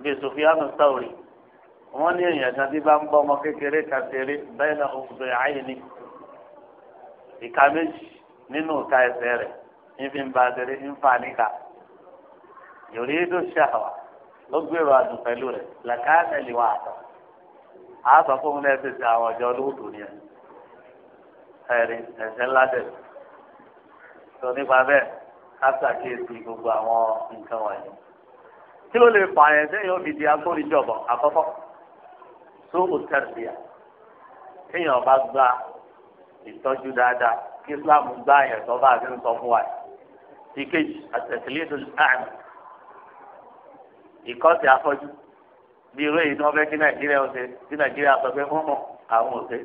bíi Sufyanu Sauri wọ́n ní èèyàn kan tí bá ń bọ́ ọmọ kékeré kan ṣeré bẹ́ẹ̀ náà ó fẹ́ àyè ni ìka méjì nínú ìka ẹsẹ̀ rẹ̀ ń fi ń ba ṣeré ń fa níka yòrí tó ṣàwà ló gbèrò àdùn pẹ̀lú rẹ̀ làkàtà lè wà àtọ̀ á sọ fún un lẹ́sẹ̀ sí àwọn ọjọ́ lóòótọ́ ni ẹ̀ ẹ̀rí ẹ̀sẹ̀ ńlá dẹ̀ tó nípa bẹ́ẹ̀ ká ṣàkíyèsí gbogbo àwọn nǹkan wọ̀nyí tí ó lè pààyàn sẹ́yìn òbí di agbóríjọ̀bọ̀ àkọ́kọ́ tó òtẹ́rìbíà kéèyàn bá gba ìtọ́jú dáadáa kí Islam gbá àyẹ̀tọ́ bá a ti ń sọ fún wa ìkejì àtẹ̀sílẹ̀ ìkọ́sí afọ́jú bí irú èyí tí wọ́n fẹ́ kí nàìjíríà ó ṣe kí nàìjíríà sọ pé wọ́n mọ̀ àwọn ò ṣe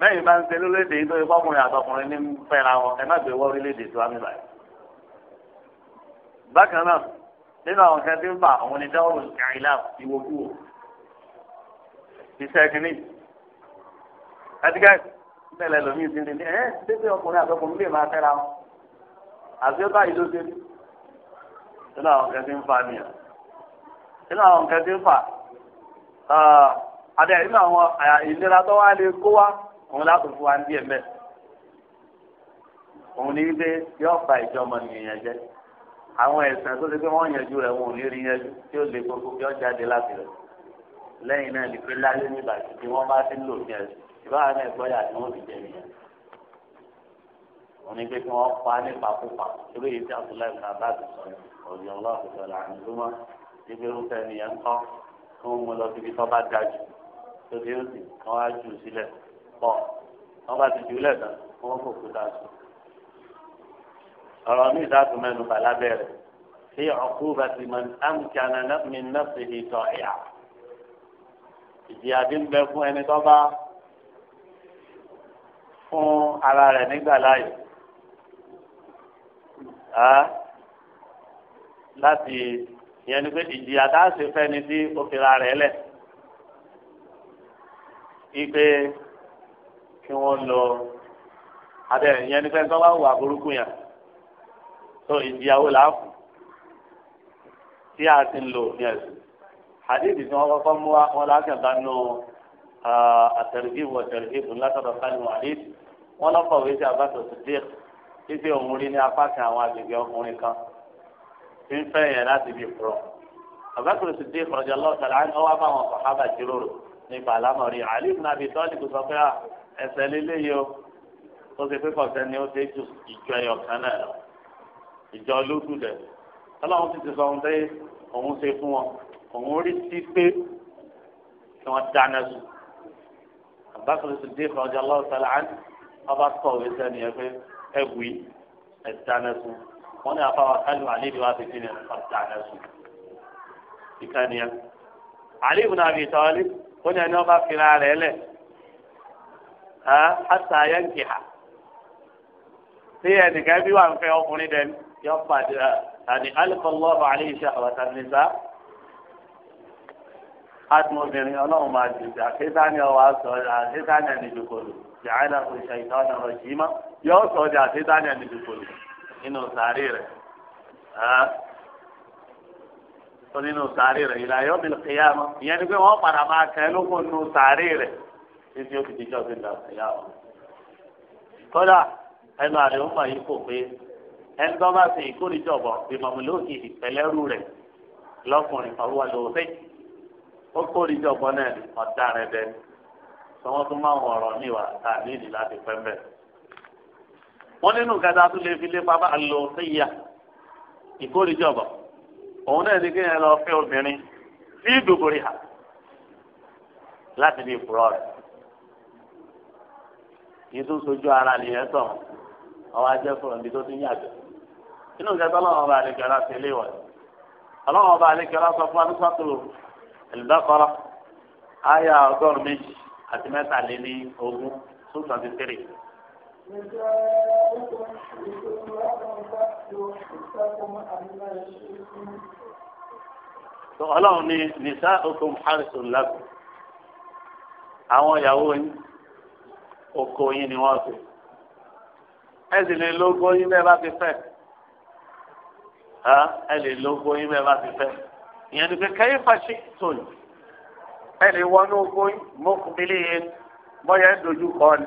mẹ́yìn bá ń ṣe lórílẹ̀‐èdè yìí tó yẹ fọ́kùnrin àtọkùnrin ní fẹ́ra wọn ẹ má gbé wọ́ orílẹ̀‐èdè tó wá mi báyìí. bákan náà nínú àwọn kan tí ń fà àwọn onídàwọ̀rò ìkàrìlà ìwòkúwò iṣẹ́ kìíní. àtìgá ìbẹ̀lẹ̀ lómi ti ní ẹ́ ṣé ọkùnrin àtọkùnrin lè máa fẹ́ra wọn àti ó báyìí ló ṣe nínú àwọn kan tí ń fà nínú àwọn nǹkan tí ń fà ah, àti nínú àwọn ìlera tó wá lè kó wá òun láti fún wa ní ẹ̀mẹ́ òun ní wípé yóò fa ìjọmọ nìyẹn jẹ àwọn ẹ̀sìn tó ti pé wọ́n yanjú rẹ̀ wọn ò ní rí yanjú tí ó lè koko kí jáde láti rẹ̀ lẹ́yìn náà ní láyé nígbà tí wọ́n bá ti lò ní ẹ̀sìn ìbára náà gbọ́ yà ni wọ́n ti jẹ nìyẹn wọ́n ní pé kí wọ́n pa nípa púpà lórí èyí tí Abdullahi bin Abbas sọ ọ̀dùn ibi irúfẹ́ ènìyàn kọ́ kí wọ́n mú lọ síbi tó bá ga jù lóde ó sì kí wọ́n á jù sílẹ̀ pọ̀ wọ́n bá ti jùlẹ̀ tán kí wọ́n fò kúta sùn. ọ̀rọ̀ mi ìdáàtú mẹ́nu bà lábẹ́rẹ̀ fi ọ̀kúba ti mọ̀ amkana mi nọ́ọ̀sì ìtọ̀ ẹ̀yà. ìjìyà bí ń bẹ fún ẹni tó bá fún ara rẹ̀ nígbà láàyè láti ìyẹn ni pé ìjìyà tá a ṣe fẹ́ni tí ó fi ra rẹ̀ lẹ̀ ipe kí wọ́n lọ abẹ́ ìyẹn ni pé nǹkan bá wù àbúrúkú yẹn tó ìjìyàwó làákù tí a ti ń lò ní ẹ̀sìn hadithi tí wọ́n kọ́kọ́ mú wa wọn láti bá nù àtẹ̀rẹ̀gìbù àtẹ̀rẹ̀gìbù látọ̀dọ̀ sálímù hadith wọn lọ́kọ̀wé sí abáṣọ sídìr títí òun rí ní apá kan àwọn agbègbè ọkùnrin kan tí ń fẹ́ yẹn láti bí kúrọ̀. àbákùrù sì dé ìfọ̀rọ̀jà lọ́sàrà á ní ọwọ́ bá wọn sàhábà jíròrò nípa àlámọ̀rí àlè ibn Abi Talib sọ pé ẹsẹ̀ líle yìí o tó ṣe pé kọ̀ọ̀tẹ́ ni ó ṣe jù ìjọ ẹyọ kan náà lọ ìjọ lódù dẹ̀ ọlọ́run ti ti sọ ohun tẹ́ òun ṣe fún wọn òun rí sí pé kí wọ́n dáná sùn àbákùrù sì dé ìfọ̀rọ̀jà lọ́sàrà á ní ọba wọn ní afáwa kálù àlejò wa ti fi ní ọ̀tá àdásù ìkànnìyà àlè ìbùnà àbí ìtọ́lé ó ní ẹni wọn bá fi ra rẹ̀ lẹ̀ hàtà yẹnkì hà tí ẹnìkan bí wà ń fẹ́ ọkùnrin dẹni yọ pàdé àní alikọlọ́ọ̀bù àlè iṣẹ́ àwọ̀tá nígbà adùn obìnrin ọlọ́run máa jù sí àkétáni ọwọ́ àsọ àkétáni ẹni jòkòlù jàánà òṣèlú ìtọ́nà ọ̀jìmá yọ sọ di àkétáni ẹni jòkòlù nínú sàárì rẹ̀ tó nínú sàárì rẹ̀ ìlà yọ̀ bìlì kìyàmọ́ ìyẹn ni pé wọ́n padà máa kẹ́ lókun nínú sàárì rẹ̀ títí ó fi dijọ́ fi là kìyàmọ́. kódà ẹnu àlè ń fà yìí kò pé ẹni tó bá ṣe ìkórìjọ̀bọ̀ ìmọ̀mùlókì ìpẹ̀lẹ́rù rẹ̀ lọ́kùnrin ọ̀rọ̀ lòófẹ́ ó kórìjọ̀bọ̀ náà ọ̀daràn ẹ̀dẹ́ sọ wọ́n tún máa wọ̀rọ̀ níwà tá a ní ìdí láti pẹ́ bẹ́ẹ̀. wọ́n nínú nǹkan tá a tún lè fi lé pamọ́ àlòfíyà ìkórìjọba òun náà ní kéèyàn lọ fẹ́ obìnrin sí ìdòbòrì ha láti di ìfúrọ́ rẹ̀ yìí tó sojú ara nìyẹn sọ ọwọ́ ajẹ́ fún ọ̀nbi tó ti ń yàgbẹ́ inú nǹkan tó ọba ti lé wọ̀nyí ya ọba àlejò sọ fún anúfàtò àyà méjì نساؤكم حرثكم لكم فأتوا حرثكم أن يشركم Ọlọ́run ní nisa'ukum harsun lakum àwọn ìyàwó yín oko yín ni wọ́n fi ẹ sì lè lógo yín bẹ́ẹ̀ bá ti fẹ́ ẹ lè lógo yín bẹ́ẹ̀ bá ti fẹ́ ìyẹn ni pé kẹ́yìn fàṣí tòun ẹ lè wọnú oko yín mọ́kùnrin yín bọ́yá dojú kọ́ ni.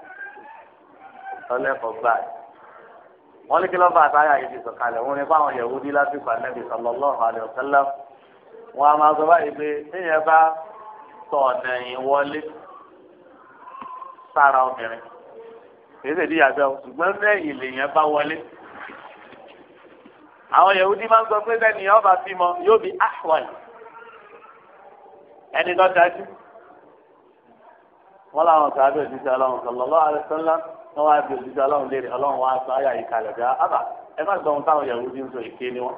tọ́lẹ́kọ̀ọ́ gbà wọ́n ní kí ló bá àtàyà yìí ti sọ̀kalẹ̀ wọ́n ní fáwọn Yahudi lásìkò ànábì sallallahu alaihi wasallam wọn a máa sọ báyìí pé téèyàn bá tọ̀ ọ̀nà yìí wọlé sára obìnrin kìí ṣèdí yàtọ̀ ṣùgbọ́n lẹ́yìn lèèyàn bá wọlé àwọn Yahudi máa ń sọ pé sẹ́niyàn ọba bímọ yóò bí ahwal ẹni tó dájú wọn làwọn sàbẹ òjijì Ọlọ́run sọlọlọ àlẹsọlá wọn wá bí òjijì Ọlọ́run léèrè Ọlọ́run wá sọ ayà yìí kalẹ̀ bí abà ẹ má gbọ́n táwọn yàrá ojú ń sọ èké ni wọn.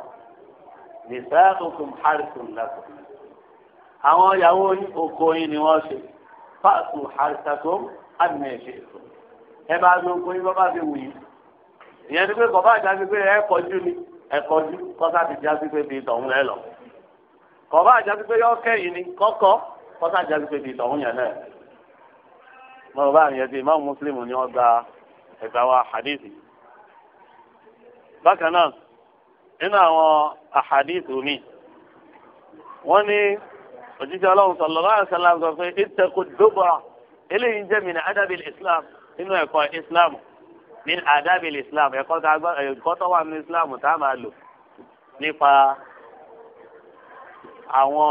nìfẹ́ okùn harrison lẹ́kọ̀ọ́ àwọn yàwó oko yín ni wọ́n ṣe fáàtù harrison adìmọ̀ ẹ̀ṣẹ̀ ẹ bá gbé oko yín bọ́ bá fi wù yín ìyẹn ni pé kọ̀ bá jáde pé ẹ kọjú ni ẹ kọjú kọ́sá ti jáde pé bí tọ̀hún ẹ lọ kọ̀ bá pé yọ mọ̀ bá àmì ẹ̀sìn Imam Muslim ni wọ́n gba ẹ̀gbà wa hadith. bákan náà nínú àwọn ahadith mi wọ́n ní òjíṣẹ́ ọlọ́run sallallahu alaihi wasallam sọ pé ittaqu dubura eléyìí jẹ́ min adabil islam nínú ẹ̀kọ́ islam min adabil islam ẹ̀kọ́ tó wà ní islam tá a máa lò nípa àwọn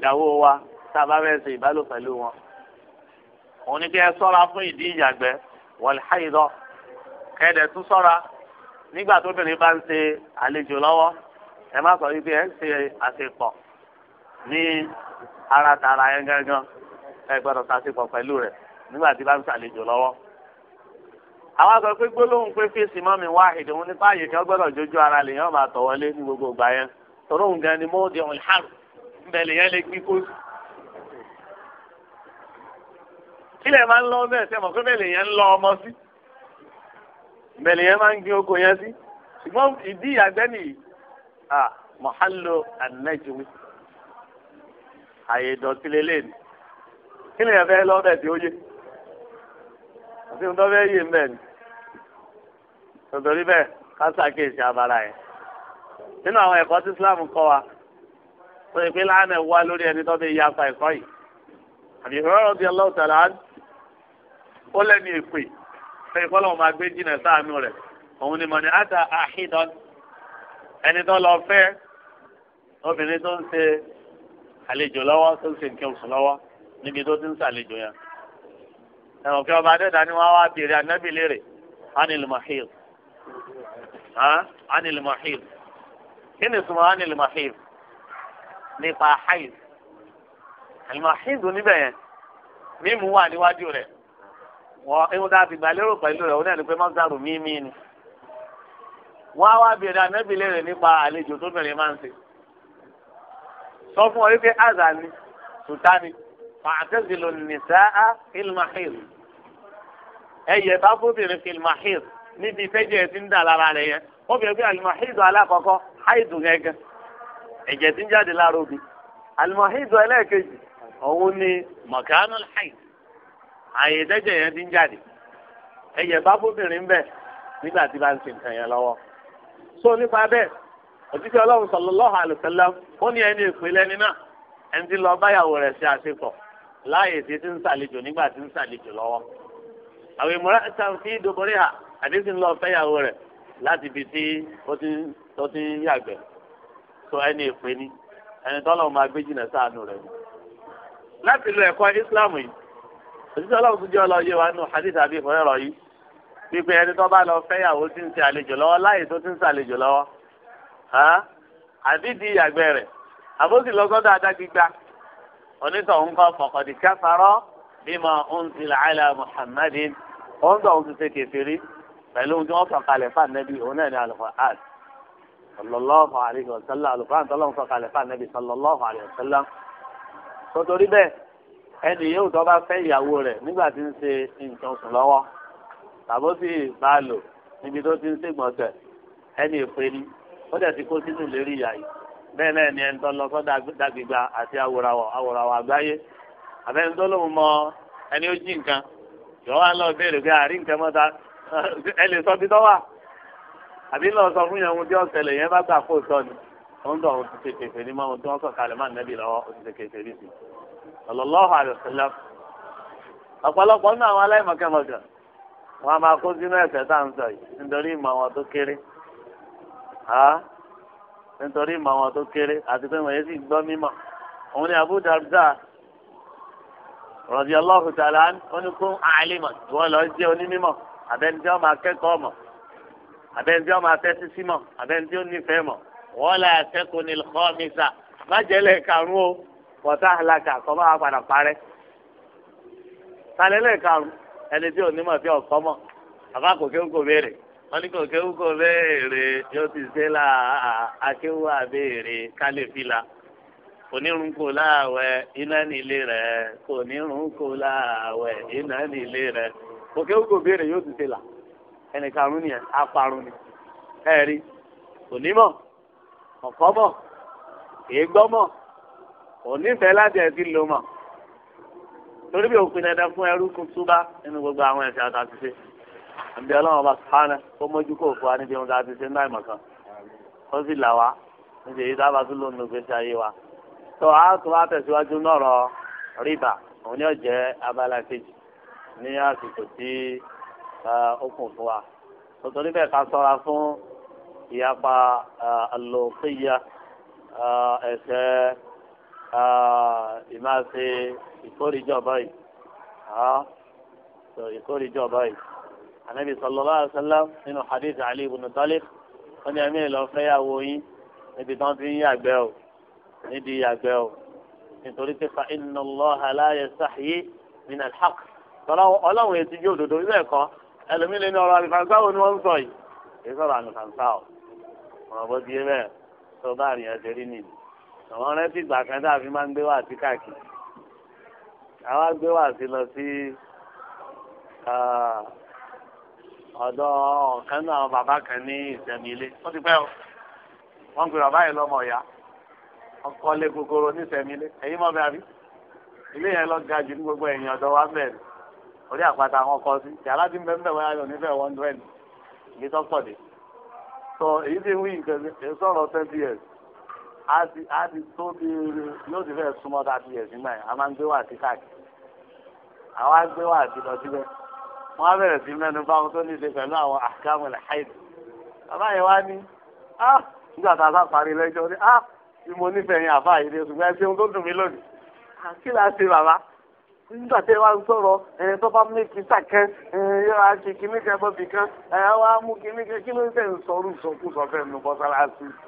ìyàwó wa tá a bá fẹ́ ṣe ìbálò pẹ̀lú wọn òun ni kí ẹ sọ́ra fún ìdí ìyàgbẹ́ wọ̀lì háyìdọ́ kẹ́ẹ̀dẹ̀ tún sọ́ra nígbà tó obìnrin bá ń ṣe àlejò lọ́wọ́ ẹ má sọ wípé ẹ ń ṣe àṣepọ̀ ní ara tààrà yẹn gángan ẹ gbọ́dọ̀ ṣàṣepọ̀ pẹ̀lú rẹ̀ nígbà tí bá ń ṣàlejò lọ́wọ́. àwọn àgbà pé gbólóhùn pé fèsì mọ́ mi wáhìdì òun nípa àyè kan gbọ́dọ̀ jójú ara lèèyàn máa tọ̀ ní gbogbo ìgbà yẹn toróhùn gan ni mo dì ọ̀hún ìhàrù ń bẹ̀ lèèyàn lè gbí ilẹ̀ máa ń lọ bẹ́ẹ̀ sẹ́ mọ̀ pé bẹ́ẹ̀ lèyẹn ń lọ ọmọ sí bẹ́ẹ̀ lèyẹn máa ń gbin oko yẹn sí ṣùgbọ́n ìdí ìyàgbẹ́ nìyí à mọ̀hálò ànájúwì àyè ìdọ̀tí lélẹ̀ ni kí lèyẹn fẹ́ lọ bẹ́ẹ̀ tí ó yé àti ohun tó fẹ́ yé ń bẹ́ẹ̀ ni tòtòrí bẹ́ẹ̀ ká ṣàkíyèsí abala yẹn nínú àwọn ẹ̀kọ́ tí Islam kọ́ wa tó ìpínlẹ̀ àná wá lórí ẹni tó fi yapa ẹ̀kọ́ yìí àbí ìfọwọ́rọ̀ di ọlọ́ọ̀tàlá ó lẹ́ni èpè ẹ̀yìn kọ́ lọ́wọ́ máa gbé jìnnà sáànù rẹ̀ òun ni mọ̀ni ata àhídọ́n ẹni tó lọ fẹ́ obìnrin tó ń ṣe àlejò lọ́wọ́ tó ń ṣe nǹkan oṣù lọ́wọ́ níbi tó ti ń ṣàlejò yẹn ẹ̀wọ̀n kí ọba adẹ́ta ni wọ́n wá bèrè anábì léèrè anil mahil anil mahil kí ni sùnmọ́ anil mahil nípa haiz alimahil níbẹ̀ yẹn mímu wà níwájú rẹ̀ wọ́n ihun tá a ti gbà lérò pẹ̀lú rẹ̀ onílẹ̀ pé mọ́sálù mímí ni. wọ́n á wá bèrè ànábì léèrè nípa àlejò tó bẹ̀rẹ̀ máa ń ṣe. sọ fún ọ wípé àzà ni sùtá ni fàtẹ́sílò nìsáà ilmahir. ẹyẹ bá fóbìnrin ilmahir níbi ìfẹ́jẹ̀ ti ń dà lára rẹ̀ yẹn. wọ́n fi ẹgbẹ́ alimahidu alákọ̀ọ́kọ́ haidu gẹ́gẹ́ ẹ̀jẹ̀ ti ń jáde lára obì. alimahidu ẹlẹ́ẹ̀kejì òun ni mọ̀kánú haidu. àyè tẹ́jẹ̀ yẹn ti ń jáde ẹ̀yẹ̀ bá fóbìnrin bẹ́ẹ̀ nígbà tí bá ń nǹkan yẹn lọ́wọ́ so nípa bẹ́ẹ̀ òtítọ́ ọlọ́run sallallahu alaihi wasallam ó ní ẹni ìpínlẹ̀ ẹni náà ẹni tí lọ báyàwó rẹ̀ ṣe àṣepọ̀ láàyè tí ti ń ṣàlejò nígbà tí ń ṣàlejò lọ́wọ́ àwọn ìmúra fi dòbórí hà àdéhùn lọ fẹ́yàwó rẹ̀ láti ibi tí ó ti ń yàgbẹ́ ẹni ni ẹni tọ́lọ́ máa gbé jìnnà sáànù rẹ̀ láti lo ẹ̀kọ́ Islam yìí òṣìṣẹ́ ọlọ́run tún jẹ́ ọlọ́yẹ wa nù hadith àbí ìfọ̀rẹ́rọ̀ yìí pípẹ́ ẹni tó bá lọ fẹ́yàwó tí ń ṣe àlejò lọ́wọ́ láyè tó ti ń ṣàlejò lọ́wọ́ àbí di ìyàgbẹ́ rẹ̀ àbóṣì lọ́sọ́dọ̀ adágbígbá onítọ̀hún kan fọ̀kọ̀dì káfárọ́ bímọ unzila ala muhammadin òun tó ń ti ṣe kẹfìrí pẹ̀lú ohun tí wọ́n sọ kalẹ̀ fún anabi òun náà ní al-Qur'an sallallahu alayhi wa sallam al-Qur'an tó lọ́n sọ kalẹ̀ fún anabi sallallahu alayhi wa sallam sọtorí bẹ́ẹ̀ ẹnì yóò tó bá fẹ́ ìyàwó rẹ̀ nígbà tí ń ṣe nǹkan sùn lọ́wọ́ tàbó sì bá lò níbi tó ti ń ṣègbọ̀nsẹ̀ ẹnì èpè ni ó dẹ̀ ti kó sínú lérí ìyá yìí bẹ́ẹ̀ náà ni ẹni tó lọ sọ́dọ̀ dàgbìgbà àti awòràwọ̀ awòràwọ̀ àgbáyé àbẹ́ni tó lóun mọ ẹni ó jí nǹkan yọ̀ọ́ wá lọ béèrè pé àrí nǹkan mọ́ta ẹ lè sọ bí wà àbí lọ sọ fún yẹn ohun tí ó yẹn bá gbà kó ni ó ti ṣe sallallahu alaihi wasallam ọ̀pọ̀lọpọ̀ nínú àwọn aláìmọ̀kẹ́mọ̀kẹ́ wọn a máa kó sínú ẹ̀ṣẹ̀ tá à ń sọ yìí nítorí ìmọ̀ wọn tó kéré nítorí ìmọ̀ wọn tó kéré àti pé wọ́n yé sì gbọ́ mímọ̀ òun ni Abu Darda radiyallahu ta'ala oníkún àìlèmọ̀ tí wọ́n lọ jẹ́ onímọ̀ àbẹ́ni tí wọ́n máa kẹ́kọ̀ọ́ mọ̀ àbẹ́ni tí wọ́n máa tẹ́tí sí mọ̀ ó wọ́tá àlàkà kọ́ àpàdà parẹ́. talẹ́lẹ̀ karùn-ún ẹni tí onímọ̀ tí ọ̀kọ́ mọ̀ bàbá kò kéwù kò béèrè wọ́n ní kò béèrè yóò ti ṣe la akéwù àbéèrè kálífìlà onírun kò láàwẹ̀ iná nílé rẹ̀ kò kò láàwẹ̀ iná nílé rẹ̀ kò béèrè yóò ti ṣe la. karùn-ún ni kò nífẹ̀ẹ́ láti ẹ̀ ti lò mọ̀ torí bí òpin dandan fún ẹrú kún túbá nínú gbogbo àwọn ẹ̀ṣẹ̀ àti àtúnṣe àbí ọlọ́run ọba sùpánà ó mójú kó fún wa níbi ohun tá a ti ṣe ńlá ìmọ̀ kan ó sì là wá níbi èyí tábà tún lòun lògbé sí ayé wa tó a tún wá tẹ̀síwájú nọ̀rọ̀ rìbà òun ni ó abala kejì ní àsìkò tí ó kún fún wa tòtò níbẹ̀ ká sọ́ra fún ìyapa àlòkìyà ẹ̀ṣẹ̀ máa ṣe ìkórìjọ báyìí ìkórìjọ báyìí anabi sallallahu alayhi wa sallam nínú hadith ali ibn talib wọn ni amílẹ̀ lọ fẹ́ yàwó yín níbi tí wọ́n ti ń yàgbẹ́ o nídìí yàgbẹ́ o nítorí pé fa inna allaha la yastahyi min alhaq ọlọ́run ètí yóò dodo ilé ẹ̀kọ́ ẹlòmíín lé ní ọ̀rọ̀ àlùfáàǹsá wo ni wọ́n ń sọ yìí èyí sọ̀rọ̀ àlùfáàǹsá o ọ̀rọ̀ bó ti yé bẹ́ẹ̀ tó bá àrìyànjẹ́ rí nìyí àwọn rántí ìgbà kan tá a fi máa ń gbé wá sí káàkiri àwa gbé wá sí lọ sí ọ̀dọ̀ ọ̀kan náà àwọn bàbá kan ní ìsẹ̀mí ilé wọ́n ti pẹ́ o wọ́n ń pè bàbá yìí lọ́mọ ọ̀yá ọkọ lé kòkòrò ní ìsẹ̀mí ilé ẹ̀yin mọ̀ mi àbí ilé yẹn lọ ga jù ní gbogbo ẹ̀yìn ọ̀dọ̀ wa mẹ́rin orí àpáta àwọn ọkọ sí yàrá tí ń bẹ ń bẹ wáyà lónìí dúró ẹ̀ ní tọ́pọ̀ dé so èyí ti wí nǹkan sọ̀rọ̀ twenty years a ti tó bí yóò ti fẹ́ súnmọ́ tá a ti a máa ń gbé wà sí káàkiri àwa gbé wà sí lọ síbẹ̀ wọ́n á bẹ̀rẹ̀ sí mẹ́nu bá wọn tó ní ṣe pẹ̀lú àwọn àkàmù làhàìdì bàbá yẹn wá ní á nígbà tá a sá parí lẹ́jọ́ ní á bí mo nífẹ̀ẹ́ yẹn àfa yìí ṣùgbọ́n ẹ ṣeun tó dùn mí lónìí kí la ṣe bàbá nígbà tí wàá sọ̀rọ̀ ẹ̀ tó bá mú kí sàkẹ́ ẹ̀ yóò á ṣe kíní kan bọ́bì kan ẹ̀ wá mú kíní kan kí ló ń tẹ̀ sọ̀rọ̀ ìsọkúsọ fẹ́ẹ́ nu bọ́sálásí.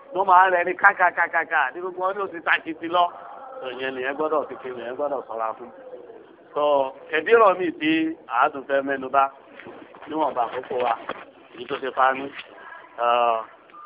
ló máa rẹ ní kákàkàkàkà ní gbogbo wọn ní oṣù lọ ìyẹn nìyẹn gbọ́dọ̀ ti kiri ìyẹn gbọ́dọ̀ ṣọ́ra fún tó ẹdírọ mi ti àádùn fẹ mẹ́nubà níwọ̀nba àkókò wa èyí tó ṣe fa ní.